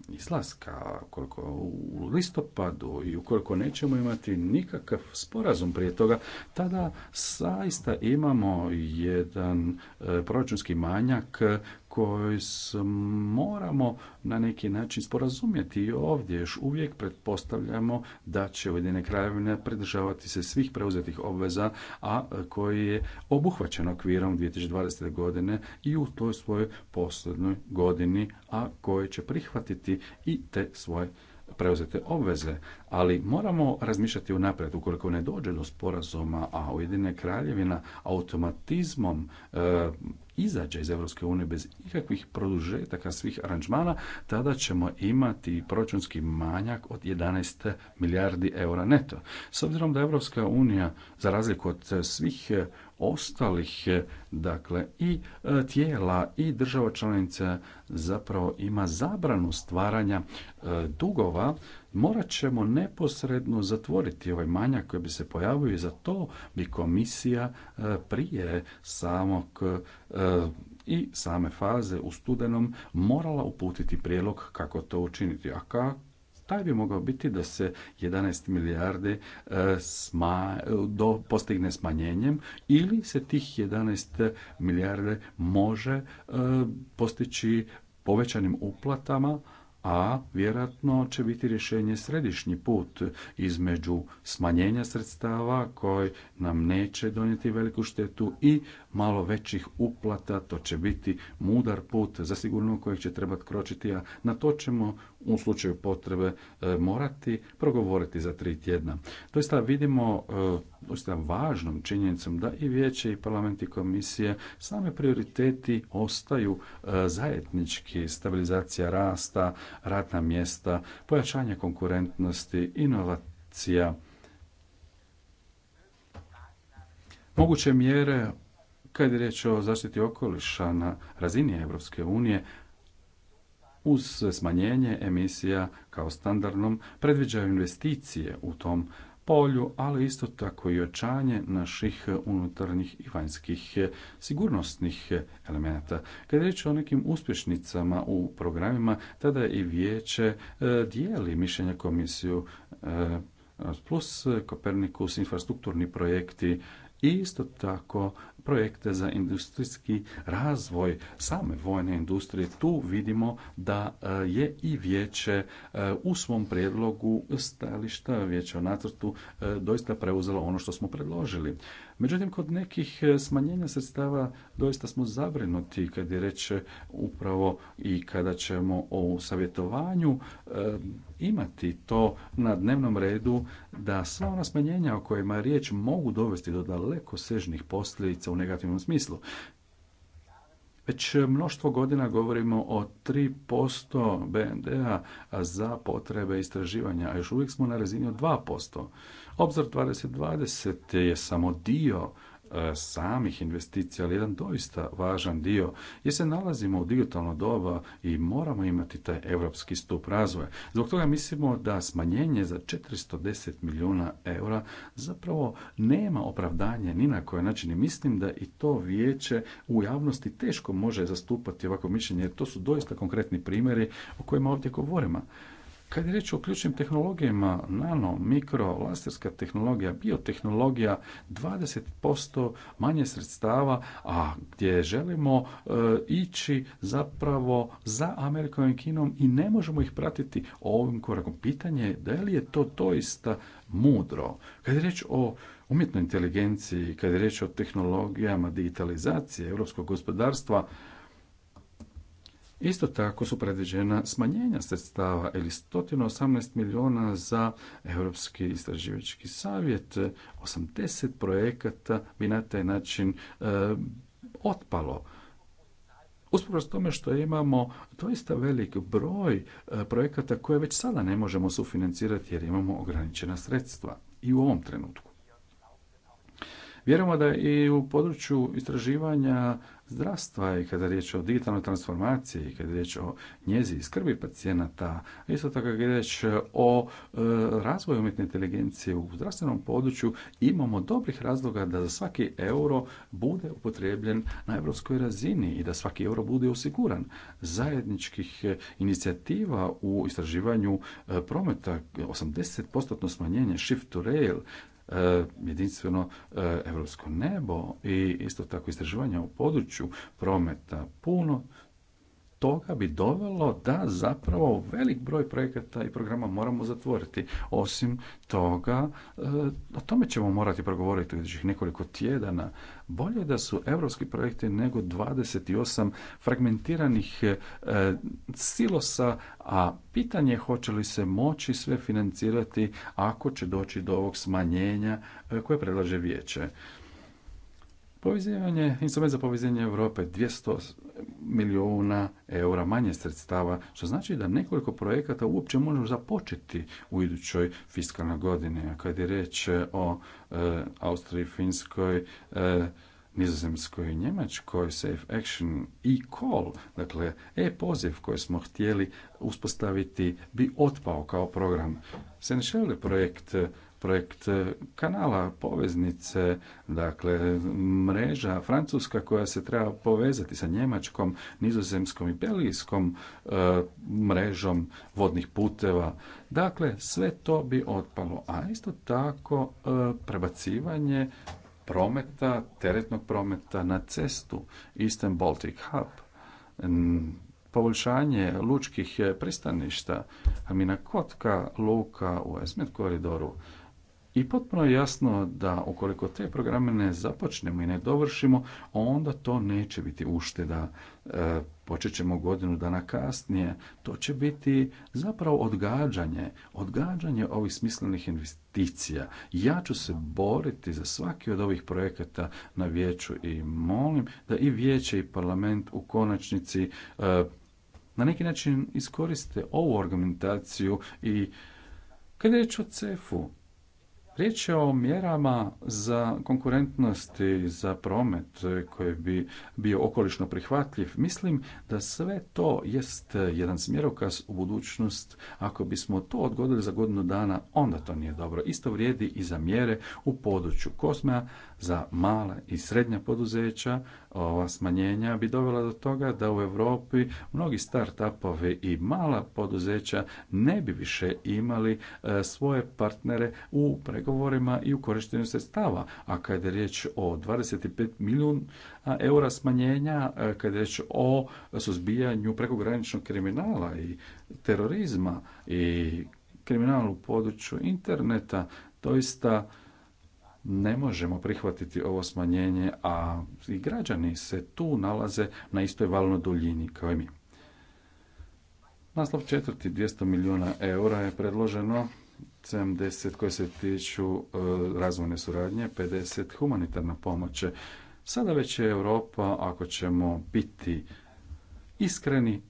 izlaska ukoliko u listopadu i ukoliko nećemo imati nikakav sporazum prije toga, tada saista imamo jedan e, proračunski manjak koju moramo na neki način sporazumjeti i ovdje još uvijek pretpostavljamo da će Ujedine krajevine pridržavati se svih preuzetih obveza, a koji je obuhvaćen okvirom 2020. godine i u toj svojoj posljednoj godini, a koji će prihvatiti i te svoje preuzete obveze ali moramo razmišljati unaprijed ukoliko ne dođe do sporazuma, a Ujedinjena kraljevina automatizmom e, izađe iz Europske unije bez ikakvih produžetaka svih aranžmana, tada ćemo imati proračunski manjak od 11 milijardi eura neto. S obzirom da Europska unija, za razliku od svih ostalih dakle i e, tijela i država članica zapravo ima zabranu stvaranja e, dugova morat ćemo neposredno zatvoriti ovaj manjak koji bi se pojavio i za to bi komisija e, prije samog e, i same faze u studenom morala uputiti prijedlog kako to učiniti. A taj bi mogao biti da se 11 milijarde e, do, postigne smanjenjem ili se tih 11 milijarde može postići povećanim uplatama a vjerojatno će biti rješenje središnji put između smanjenja sredstava koji nam neće donijeti veliku štetu i malo većih uplata, to će biti mudar put za sigurno kojeg će trebati kročiti, a na to ćemo u slučaju potrebe e, morati progovoriti za tri tjedna. Doista vidimo e, dosta važnom činjenicom da i vijeće i parlament i komisije same prioriteti ostaju e, zajednički stabilizacija rasta, radna mjesta, pojačanje konkurentnosti, inovacija, moguće mjere kad je riječ o zaštiti okoliša na razini Europske unije, uz smanjenje emisija kao standardnom predviđaju investicije u tom polju, ali isto tako i očanje naših unutarnjih i vanjskih sigurnosnih elemenata. Kad je riječ o nekim uspješnicama u programima, tada i vijeće e, dijeli mišljenja komisiju e, plus Kopernikus, infrastrukturni projekti, i isto tako projekte za industrijski razvoj same vojne industrije. Tu vidimo da e, je i vijeće e, u svom prijedlogu stajališta vijeća o nacrtu e, doista preuzelo ono što smo predložili. Međutim, kod nekih e, smanjenja sredstava doista smo zabrinuti kad je reč e, upravo i kada ćemo o savjetovanju e, imati to na dnevnom redu da sva ona smanjenja o kojima je riječ mogu dovesti do daleko sežnih posljedica u negativnom smislu. Već mnoštvo godina govorimo o 3% BND-a za potrebe istraživanja, a još uvijek smo na razini od 2%. Obzor 2020 je samo dio E, samih investicija, ali jedan doista važan dio, jer se nalazimo u digitalno doba i moramo imati taj europski stup razvoja. Zbog toga mislimo da smanjenje za 410 milijuna eura zapravo nema opravdanje ni na koji način i mislim da i to vijeće u javnosti teško može zastupati ovako mišljenje, jer to su doista konkretni primjeri o kojima ovdje govorimo. Kad je riječ o ključnim tehnologijama, nano, mikro, laserska tehnologija, biotehnologija, 20% manje sredstava, a gdje želimo e, ići zapravo za Amerikom i Kinom i ne možemo ih pratiti ovim korakom. Pitanje je da li je to doista mudro. Kad je riječ o umjetnoj inteligenciji, kad je riječ o tehnologijama digitalizacije europskog gospodarstva, Isto tako su predviđena smanjenja sredstava ili 118 milijuna za Europski istraživački savjet. 80 projekata bi na taj način e, otpalo. Usprkos tome što imamo doista velik broj e, projekata koje već sada ne možemo sufinancirati jer imamo ograničena sredstva i u ovom trenutku. Vjerujemo da i u području istraživanja zdravstva i kada je riječ o digitalnoj transformaciji, kada je riječ o njezi i skrbi pacijenata, isto tako kada je riječ o e, razvoju umjetne inteligencije u zdravstvenom području, imamo dobrih razloga da za svaki euro bude upotrebljen na europskoj razini i da svaki euro bude osiguran zajedničkih e, inicijativa u istraživanju e, prometa, 80% smanjenje shift to rail, E, jedinstveno europsko nebo i isto tako istraživanja u području prometa puno toga bi dovelo da zapravo velik broj projekata i programa moramo zatvoriti. Osim toga, e, o tome ćemo morati progovoriti u nekoliko tjedana. Bolje da su europski projekti nego 28 fragmentiranih e, silosa, a pitanje je hoće li se moći sve financirati ako će doći do ovog smanjenja e, koje predlaže vijeće. Povezivanje, instrument za povezivanje Europe 200 milijuna eura manje sredstava, što znači da nekoliko projekata uopće možemo započeti u idućoj fiskalnoj godini. A kad je reč e, o e, Austriji, Finskoj, e, Nizozemskoj i Njemačkoj Safe Action i e Call, dakle e-poziv koji smo htjeli uspostaviti bi otpao kao program. je projekt projekt kanala, poveznice, dakle mreža francuska koja se treba povezati sa njemačkom, nizozemskom i belgijskom e, mrežom vodnih puteva. Dakle, sve to bi otpalo, a isto tako e, prebacivanje prometa, teretnog prometa na cestu Eastern Baltic Hub, poboljšanje lučkih e, pristaništa, Amina Kotka, Luka u Esmet koridoru, i potpuno je jasno da ukoliko te programe ne započnemo i ne dovršimo, onda to neće biti ušteda. E, počet ćemo godinu dana kasnije. To će biti zapravo odgađanje, odgađanje ovih smislenih investicija. Ja ću se boriti za svaki od ovih projekata na vijeću i molim da i vijeće i parlament u konačnici e, na neki način iskoriste ovu argumentaciju i kad je riječ o cefu, Riječ je o mjerama za konkurentnosti, za promet koji bi bio okolišno prihvatljiv. Mislim da sve to jest jedan smjerokaz u budućnost. Ako bismo to odgodili za godinu dana, onda to nije dobro. Isto vrijedi i za mjere u području kosmea, za mala i srednja poduzeća, ova smanjenja bi dovela do toga da u Europi mnogi start i mala poduzeća ne bi više imali e, svoje partnere u pregovorima i u korištenju sredstava. A kada je riječ o 25 milijuna eura smanjenja, e, kada je riječ o suzbijanju prekograničnog kriminala i terorizma i kriminalu u području interneta, doista ne možemo prihvatiti ovo smanjenje, a i građani se tu nalaze na istoj valnoj duljini kao i mi. Naslov četvrti, 200 milijuna eura je predloženo, 70 koje se tiču e, razvojne suradnje, 50 humanitarna pomoć. Sada već je Europa, ako ćemo biti iskreni,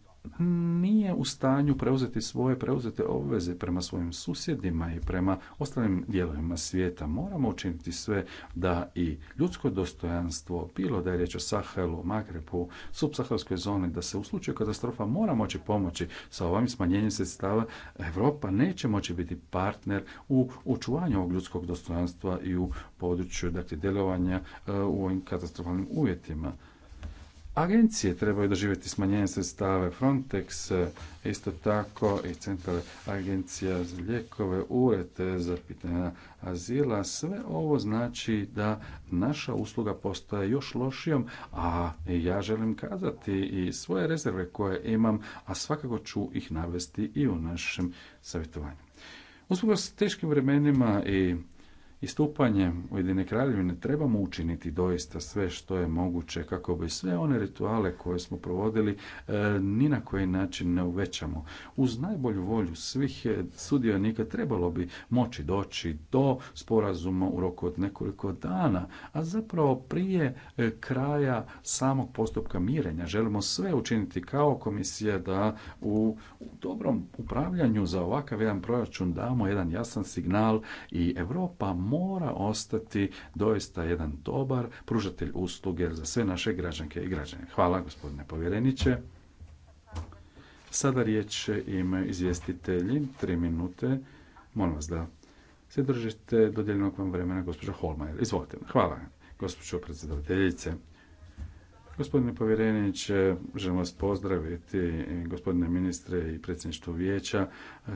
nije u stanju preuzeti svoje preuzete obveze prema svojim susjedima i prema ostalim dijelovima svijeta. Moramo učiniti sve da i ljudsko dostojanstvo, bilo da je riječ o Sahelu, Magrebu, subsaharskoj zoni, da se u slučaju katastrofa mora moći pomoći sa ovim smanjenjem sredstava, Europa neće moći biti partner u očuvanju ovog ljudskog dostojanstva i u području dakle, djelovanja e, u ovim katastrofalnim uvjetima Agencije trebaju doživjeti smanjenje sredstava Frontex, isto tako i centrale agencija za ljekove, ured za pitanja azila. Sve ovo znači da naša usluga postaje još lošijom, a ja želim kazati i svoje rezerve koje imam, a svakako ću ih navesti i u našem savjetovanju. Usluga s teškim vremenima i istupanjem Ujedine kraljevine trebamo učiniti doista sve što je moguće kako bi sve one rituale koje smo provodili e, ni na koji način ne uvećamo. Uz najbolju volju svih e, sudionika trebalo bi moći doći do sporazuma u roku od nekoliko dana, a zapravo prije e, kraja samog postupka mirenja. Želimo sve učiniti kao komisija da u dobrom upravljanju za ovakav jedan proračun damo jedan jasan signal i Europa mora ostati doista jedan dobar pružatelj usluge za sve naše građanke i građane. Hvala gospodine povjereniče. Sada riječ ima izvjestitelji, tri minute. Molim vas da se držite dodijeljenog vam vremena, gospođa Holmajer. Izvolite. Hvala, gospođo predsjedateljice. Gospodine povjereniče, želim vas pozdraviti, gospodine ministre i predsjedništvo vijeća.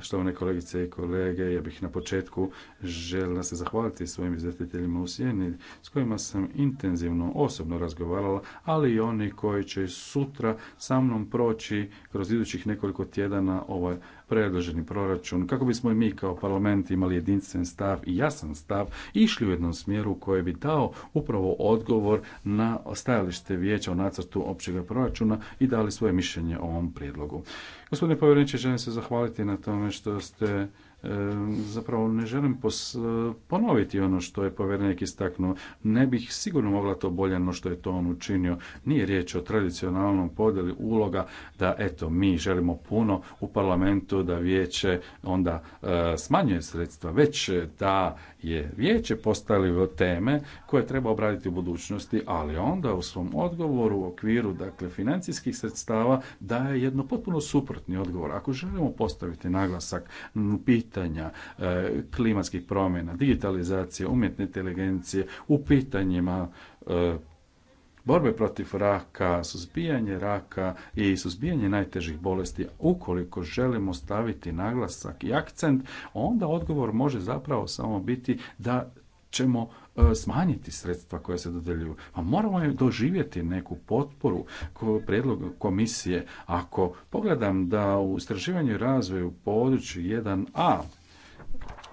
Štovane kolegice i kolege, ja bih na početku željela se zahvaliti svojim izvjetiteljima u Sjeni s kojima sam intenzivno osobno razgovarala, ali i oni koji će sutra sa mnom proći kroz idućih nekoliko tjedana ovaj predloženi proračun, kako bismo i mi kao parlament imali jedinstven stav i jasan stav, išli u jednom smjeru koji bi dao upravo odgovor na stajalište vijeća o nacrtu općega proračuna i dali svoje mišljenje o ovom prijedlogu. Gospodine povjereniče, želim se zahvaliti na tome što ste zapravo ne želim ponoviti ono što je povjerenik istaknuo. Ne bih sigurno mogla to bolje no što je to on učinio. Nije riječ o tradicionalnom podjeli uloga da eto mi želimo puno u parlamentu da vijeće onda e, smanjuje sredstva, već da je vijeće postavilo teme koje treba obraditi u budućnosti, ali onda u svom odgovoru u okviru dakle financijskih sredstava daje jedno potpuno suprotni odgovor. Ako želimo postaviti naglasak pitanje pitanja e, klimatskih promjena, digitalizacije, umjetne inteligencije, u pitanjima e, borbe protiv raka, suzbijanje raka i suzbijanje najtežih bolesti, ukoliko želimo staviti naglasak i akcent, onda odgovor može zapravo samo biti da ćemo E, smanjiti sredstva koja se dodeljuju. pa moramo je doživjeti neku potporu prijedlog predlog komisije. Ako pogledam da u istraživanju i razvoju u području 1a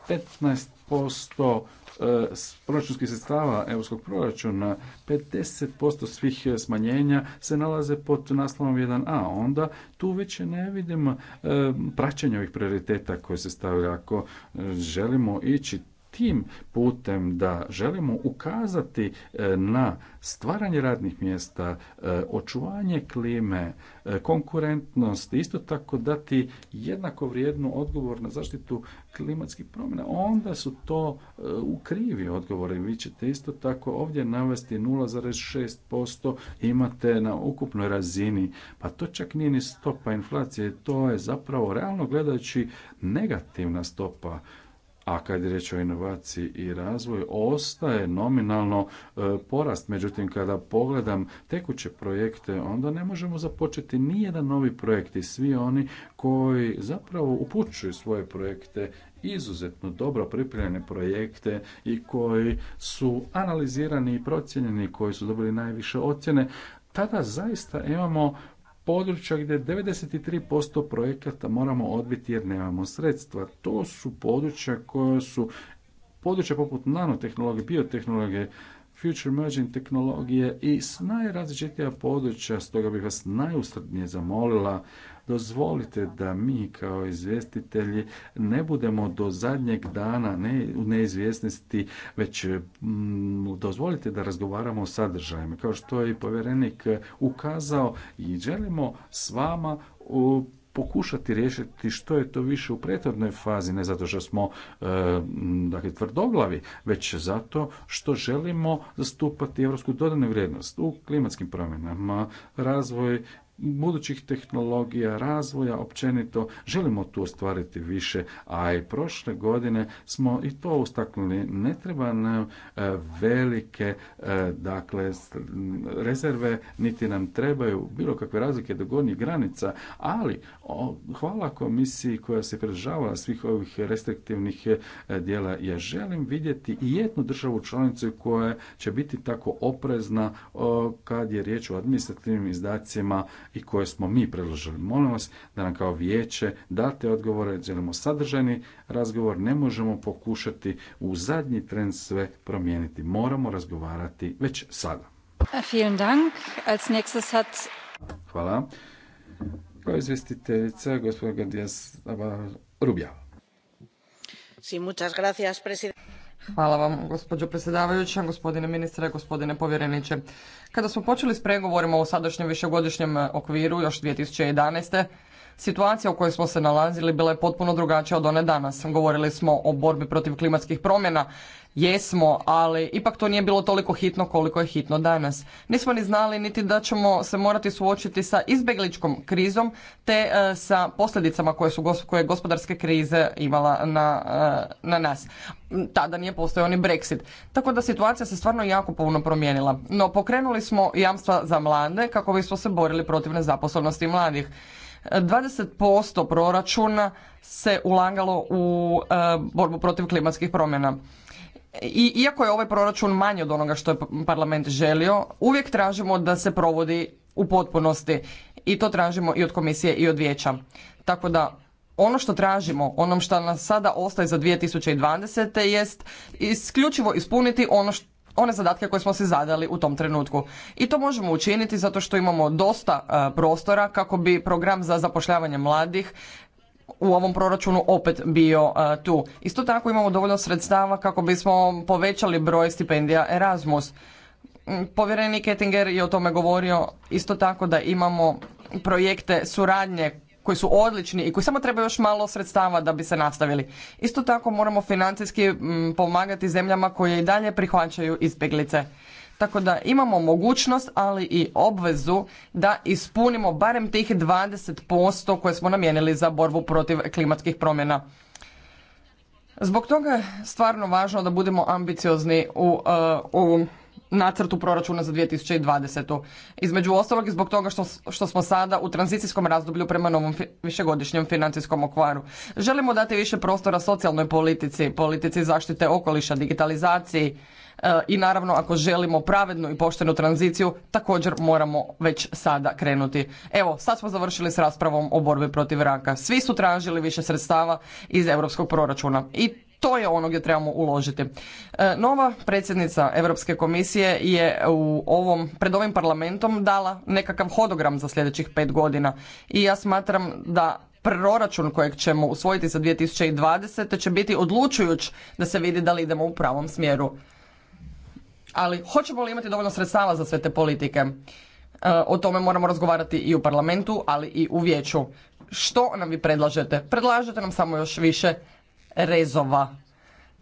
15% e, proračunskih sredstava europskog proračuna 50% svih e, smanjenja se nalaze pod naslovom 1a. Onda tu već ne vidim praćenje ovih prioriteta koje se stavlja. Ako želimo ići tim putem da želimo ukazati e, na stvaranje radnih mjesta, e, očuvanje klime, e, konkurentnost, isto tako dati jednako vrijednu odgovor na zaštitu klimatskih promjena, onda su to u krivi odgovori. Vi ćete isto tako ovdje navesti 0,6% imate na ukupnoj razini, pa to čak nije ni stopa inflacije, to je zapravo realno gledajući negativna stopa a kad je riječ o inovaciji i razvoju, ostaje nominalno e, porast. Međutim, kada pogledam tekuće projekte, onda ne možemo započeti jedan novi projekt i svi oni koji zapravo upućuju svoje projekte izuzetno dobro pripremljene projekte i koji su analizirani i procijenjeni, koji su dobili najviše ocjene, tada zaista imamo područja gdje 93% projekata moramo odbiti jer nemamo sredstva. To su područja koja su područja poput nanotehnologije, biotehnologije, future emerging tehnologije i najrazličitija područja, stoga bih vas najusrednije zamolila dozvolite da mi kao izvjestitelji ne budemo do zadnjeg dana ne, u neizvjesnosti, već mm, dozvolite da razgovaramo o sadržajima. Kao što je i povjerenik ukazao i želimo s vama pokušati riješiti što je to više u prethodnoj fazi, ne zato što smo e, dakle, tvrdoglavi, već zato što želimo zastupati evropsku dodanu vrijednost u klimatskim promjenama, razvoj budućih tehnologija, razvoja, općenito želimo tu ostvariti više, a i prošle godine smo i to ustaknuli. Ne treba nam e, velike e, dakle, rezerve, niti nam trebaju bilo kakve razlike do gornjih granica, ali hvala komisiji koja se pridržavala svih ovih restriktivnih e, dijela. Ja želim vidjeti i jednu državu članicu koja će biti tako oprezna kad je riječ o administrativnim izdacima i koje smo mi predložili. Molim vas da nam kao vijeće date odgovore, želimo sadržajni razgovor, ne možemo pokušati u zadnji tren sve promijeniti. Moramo razgovarati već sada. Hvala. Kao izvjestiteljica, gospodin Gandijas Rubjava. Hvala vam, gospođo predsjedavajuća, gospodine ministre, gospodine povjereniče. Kada smo počeli s pregovorima o sadašnjem višegodišnjem okviru, još 2011. Situacija u kojoj smo se nalazili bila je potpuno drugačija od one danas. Govorili smo o borbi protiv klimatskih promjena jesmo, ali ipak to nije bilo toliko hitno koliko je hitno danas. Nismo ni znali niti da ćemo se morati suočiti sa izbjegličkom krizom te e, sa posljedicama koje su koje gospodarske krize imala na, e, na nas. Tada nije postojao ni Brexit. Tako da situacija se stvarno jako puno promijenila. No pokrenuli smo jamstva za mlade kako bismo se borili protiv nezaposlenosti mladih. 20% proračuna se ulagalo u e, borbu protiv klimatskih promjena i iako je ovaj proračun manji od onoga što je parlament želio, uvijek tražimo da se provodi u potpunosti i to tražimo i od komisije i od vijeća. Tako da ono što tražimo, ono što nas sada ostaje za 2020. jest isključivo ispuniti ono one zadatke koje smo si zadali u tom trenutku. I to možemo učiniti zato što imamo dosta e, prostora kako bi program za zapošljavanje mladih u ovom proračunu opet bio e, tu. Isto tako imamo dovoljno sredstava kako bismo povećali broj stipendija Erasmus. Mm, povjerenik Ettinger je o tome govorio isto tako da imamo projekte suradnje koji su odlični i koji samo treba još malo sredstava da bi se nastavili. Isto tako moramo financijski mm, pomagati zemljama koje i dalje prihvaćaju izbjeglice. Tako da imamo mogućnost, ali i obvezu da ispunimo barem tih 20% koje smo namijenili za borbu protiv klimatskih promjena. Zbog toga je stvarno važno da budemo ambiciozni u ovom uh, nacrtu proračuna za 2020. Između ostalog i zbog toga što, smo sada u tranzicijskom razdoblju prema novom višegodišnjem financijskom okvaru. Želimo dati više prostora socijalnoj politici, politici zaštite okoliša, digitalizaciji, i naravno ako želimo pravednu i poštenu tranziciju također moramo već sada krenuti. Evo, sad smo završili s raspravom o borbi protiv raka. Svi su tražili više sredstava iz europskog proračuna i to je ono gdje trebamo uložiti. E, nova predsjednica Europske komisije je u ovom, pred ovim parlamentom dala nekakav hodogram za sljedećih pet godina i ja smatram da proračun kojeg ćemo usvojiti za 2020. će biti odlučujuć da se vidi da li idemo u pravom smjeru ali hoćemo li imati dovoljno sredstava za sve te politike? E, o tome moramo razgovarati i u parlamentu, ali i u vijeću. Što nam vi predlažete? Predlažete nam samo još više rezova.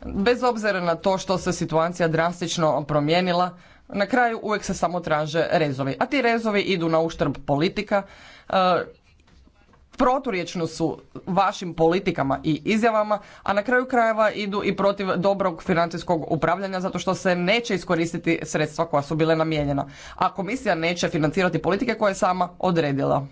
Bez obzira na to što se situacija drastično promijenila, na kraju uvijek se samo traže rezovi. A ti rezovi idu na uštrb politika e, proturječno su vašim politikama i izjavama, a na kraju krajeva idu i protiv dobrog financijskog upravljanja zato što se neće iskoristiti sredstva koja su bile namijenjena. A komisija neće financirati politike koje je sama odredila.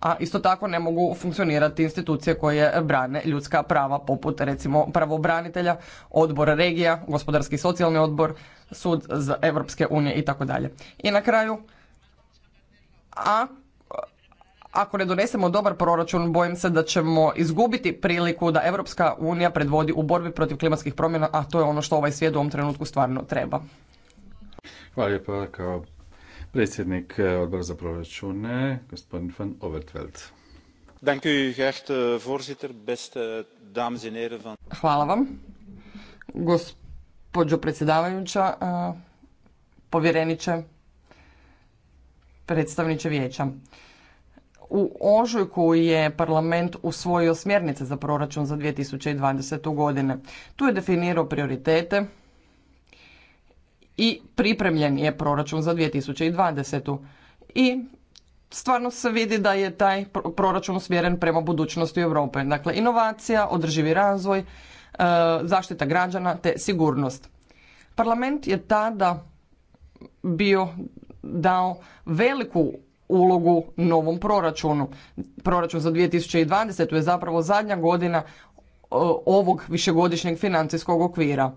A isto tako ne mogu funkcionirati institucije koje brane ljudska prava poput recimo pravobranitelja, odbor regija, gospodarski socijalni odbor, sud za Evropske unije i tako dalje. I na kraju, a ako ne donesemo dobar proračun, bojim se da ćemo izgubiti priliku da Europska unija predvodi u borbi protiv klimatskih promjena, a to je ono što ovaj svijet u ovom trenutku stvarno treba. Hvala lijepa kao predsjednik eh, odbora za proračune, gospodin Van Overtveld. Hvala vam, gospođo predsjedavajuća, eh, povjereniče, predstavniče vijeća. U ožujku je parlament usvojio smjernice za proračun za 2020. godine. Tu je definirao prioritete i pripremljen je proračun za 2020. I stvarno se vidi da je taj proračun usmjeren prema budućnosti Europe. Dakle, inovacija, održivi razvoj, e, zaštita građana te sigurnost. Parlament je tada bio dao veliku ulogu novom proračunu. Proračun za 2020. je zapravo zadnja godina e, ovog višegodišnjeg financijskog okvira.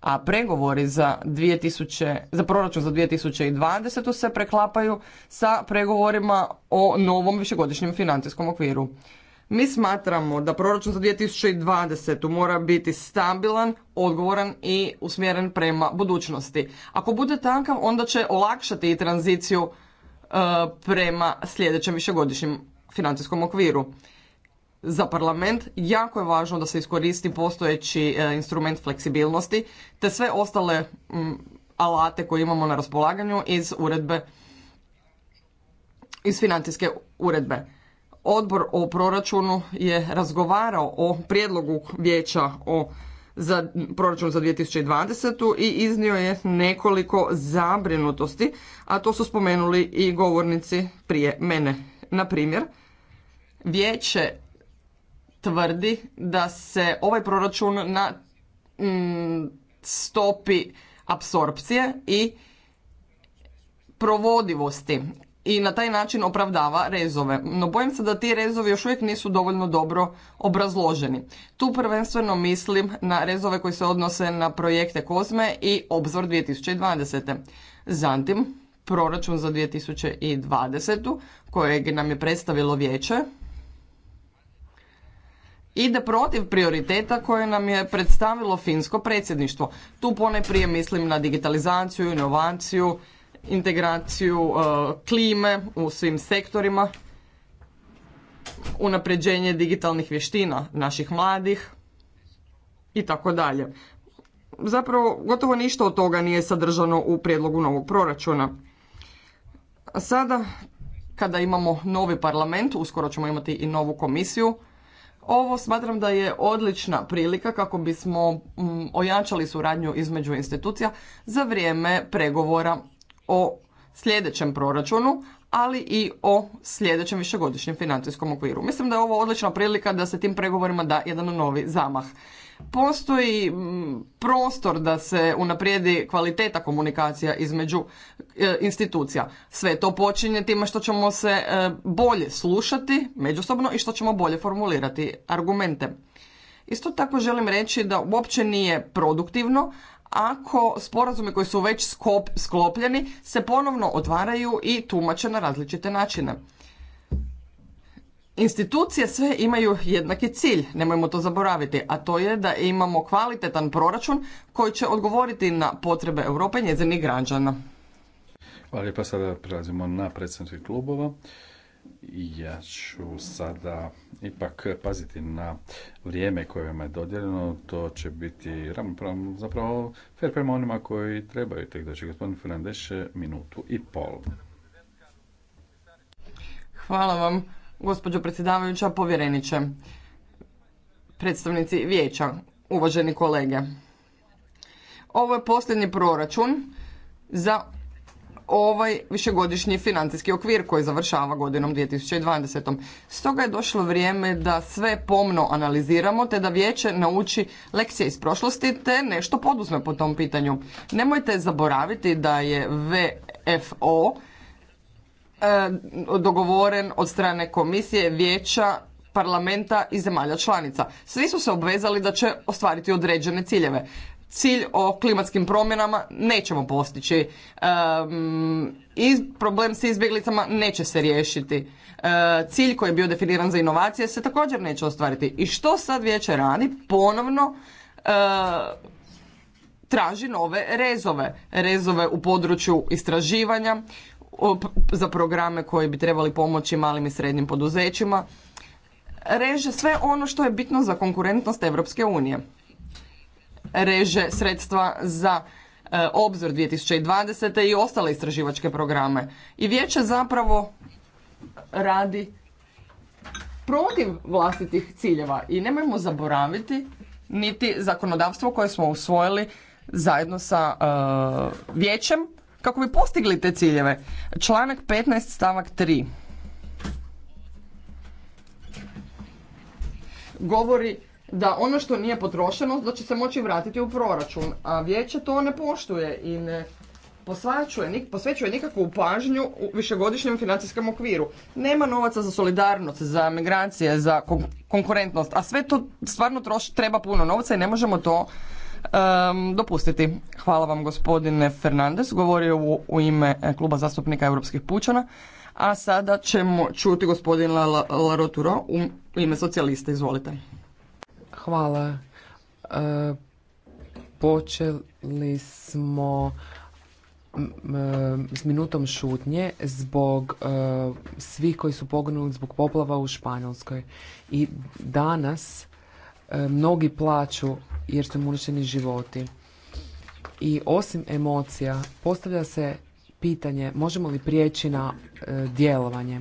A pregovori za, 2000, za proračun za 2020. se preklapaju sa pregovorima o novom višegodišnjem financijskom okviru. Mi smatramo da proračun za 2020. mora biti stabilan, odgovoran i usmjeren prema budućnosti. Ako bude takav, onda će olakšati i tranziciju E, prema sljedećem višegodišnjem financijskom okviru. Za parlament jako je važno da se iskoristi postojeći e, instrument fleksibilnosti te sve ostale alate koje imamo na raspolaganju iz uredbe iz financijske uredbe. Odbor o proračunu je razgovarao o prijedlogu vijeća o za proračun za 2020. i iznio je nekoliko zabrinutosti, a to su spomenuli i govornici prije mene. Na primjer, vijeće tvrdi da se ovaj proračun na mm, stopi apsorpcije i provodivosti i na taj način opravdava rezove. No bojim se da ti rezovi još uvijek nisu dovoljno dobro obrazloženi. Tu prvenstveno mislim na rezove koji se odnose na projekte Kozme i Obzor 2020. Zatim, proračun za 2020. kojeg nam je predstavilo vijeće ide protiv prioriteta koje nam je predstavilo finsko predsjedništvo. Tu pone prije mislim na digitalizaciju, inovaciju, integraciju e, klime u svim sektorima, unapređenje digitalnih vještina naših mladih i tako dalje. Zapravo, gotovo ništa od toga nije sadržano u prijedlogu novog proračuna. sada, kada imamo novi parlament, uskoro ćemo imati i novu komisiju, ovo smatram da je odlična prilika kako bismo mm, ojačali suradnju između institucija za vrijeme pregovora o sljedećem proračunu, ali i o sljedećem višegodišnjem financijskom okviru. Mislim da je ovo odlična prilika da se tim pregovorima da jedan novi zamah. Postoji prostor da se unaprijedi kvaliteta komunikacija između e, institucija. Sve to počinje time što ćemo se e, bolje slušati međusobno i što ćemo bolje formulirati argumente. Isto tako želim reći da uopće nije produktivno ako sporazume koji su već skop, sklopljeni se ponovno otvaraju i tumače na različite načine. Institucije sve imaju jednaki cilj, nemojmo to zaboraviti, a to je da imamo kvalitetan proračun koji će odgovoriti na potrebe Europe i njezinih građana. Hvala lijepa, sada prelazimo na predstavnike klubova ja ću sada ipak paziti na vrijeme koje vam je dodijeljeno. To će biti zapravo fair prema onima koji trebaju. Tek da će gospodin Fernandeš minutu i pol. Hvala vam, gospođo predsjedavajuća, povjereniče, predstavnici vijeća, uvaženi kolege. Ovo je posljednji proračun za ovaj višegodišnji financijski okvir koji završava godinom 2020. Stoga je došlo vrijeme da sve pomno analiziramo te da vijeće nauči lekcije iz prošlosti te nešto poduzme po tom pitanju. Nemojte zaboraviti da je VFO e, dogovoren od strane komisije vijeća parlamenta i zemalja članica. Svi su se obvezali da će ostvariti određene ciljeve cilj o klimatskim promjenama nećemo postići. problem s izbjeglicama neće se riješiti. cilj koji je bio definiran za inovacije se također neće ostvariti. I što sad vijeće radi? Ponovno traži nove rezove. Rezove u području istraživanja, za programe koji bi trebali pomoći malim i srednjim poduzećima. Reže sve ono što je bitno za konkurentnost Europske unije reže sredstva za e, obzor 2020. i ostale istraživačke programe. I vijeće zapravo radi protiv vlastitih ciljeva i nemojmo zaboraviti niti zakonodavstvo koje smo usvojili zajedno sa e, vijećem kako bi postigli te ciljeve. Članak 15 stavak 3 govori da ono što nije potrošeno da će se moći vratiti u proračun, a vijeće to ne poštuje i ne posvećuje nikakvu pažnju u višegodišnjem financijskom okviru. Nema novaca za solidarnost, za migracije, za konkurentnost, a sve to stvarno treba puno novca i ne možemo to dopustiti. Hvala vam gospodine Fernandez, govorio u, u ime e, kluba zastupnika Europskih pučana, a sada ćemo čuti gospodina Laroturo u ime socijalista. Izvolite. Hvala. E, počeli smo s minutom šutnje zbog e, svih koji su poginuli zbog poplava u Španjolskoj. I danas e, mnogi plaću jer su mučeni životi. I osim emocija postavlja se pitanje možemo li prijeći na djelovanje.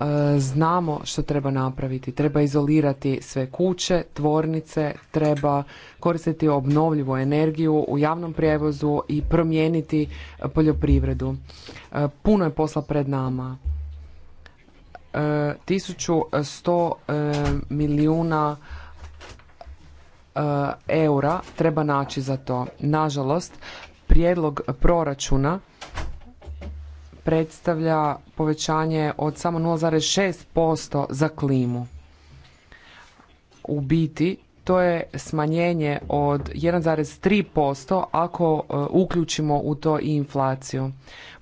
E, znamo što treba napraviti. Treba izolirati sve kuće, tvornice, treba koristiti obnovljivu energiju u javnom prijevozu i promijeniti poljoprivredu. E, puno je posla pred nama. 1100 e, milijuna eura treba naći za to. Nažalost, prijedlog proračuna predstavlja povećanje od samo 0,6% za klimu. U biti to je smanjenje od 1,3% ako e, uključimo u to i inflaciju.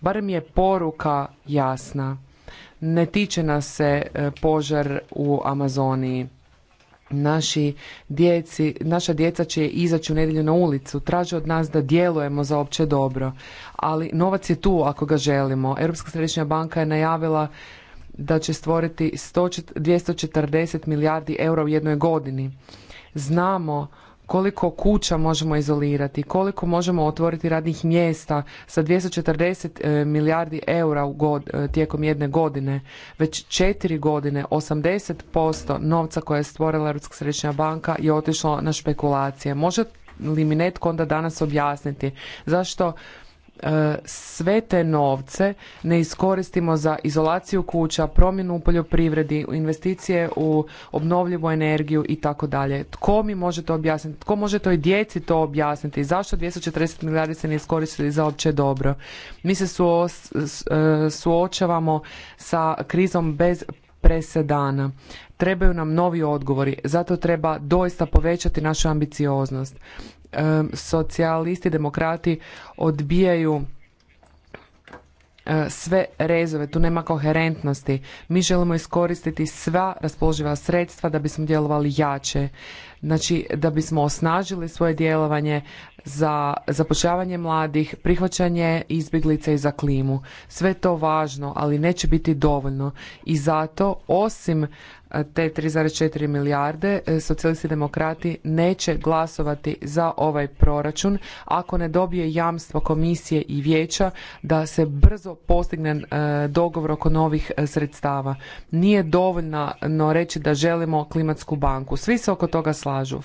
Barem je poruka jasna. Ne tiče nas se e, požar u Amazoniji naši djeci, naša djeca će izaći u nedjelju na ulicu, traže od nas da djelujemo za opće dobro, ali novac je tu ako ga želimo. Europska središnja banka je najavila da će stvoriti 100, 240 milijardi eura u jednoj godini. Znamo koliko kuća možemo izolirati, koliko možemo otvoriti radnih mjesta sa 240 e, milijardi eura u god, e, tijekom jedne godine. Već četiri godine 80% novca koje je stvorila Europska središnja banka je otišlo na špekulacije. Može li mi netko onda danas objasniti zašto E, sve te novce ne iskoristimo za izolaciju kuća, promjenu u poljoprivredi, investicije u obnovljivu energiju i tako dalje. Tko mi može to objasniti? Tko može toj djeci to objasniti? Zašto 240 milijardi se ne iskoristili za opće dobro? Mi se e, suočavamo sa krizom bez presedana. Trebaju nam novi odgovori, zato treba doista povećati našu ambicioznost socijalisti, demokrati odbijaju e, sve rezove, tu nema koherentnosti. Mi želimo iskoristiti sva raspoloživa sredstva da bismo djelovali jače. Znači, da bismo osnažili svoje djelovanje za zapošljavanje mladih, prihvaćanje izbjeglica i za klimu. Sve to važno, ali neće biti dovoljno. I zato, osim te 3,4 milijarde, e, socijalisti demokrati neće glasovati za ovaj proračun ako ne dobije jamstvo komisije i vijeća da se brzo postigne e, dogovor oko novih e, sredstava. Nije dovoljno reći da želimo klimatsku banku. Svi se oko toga slažu.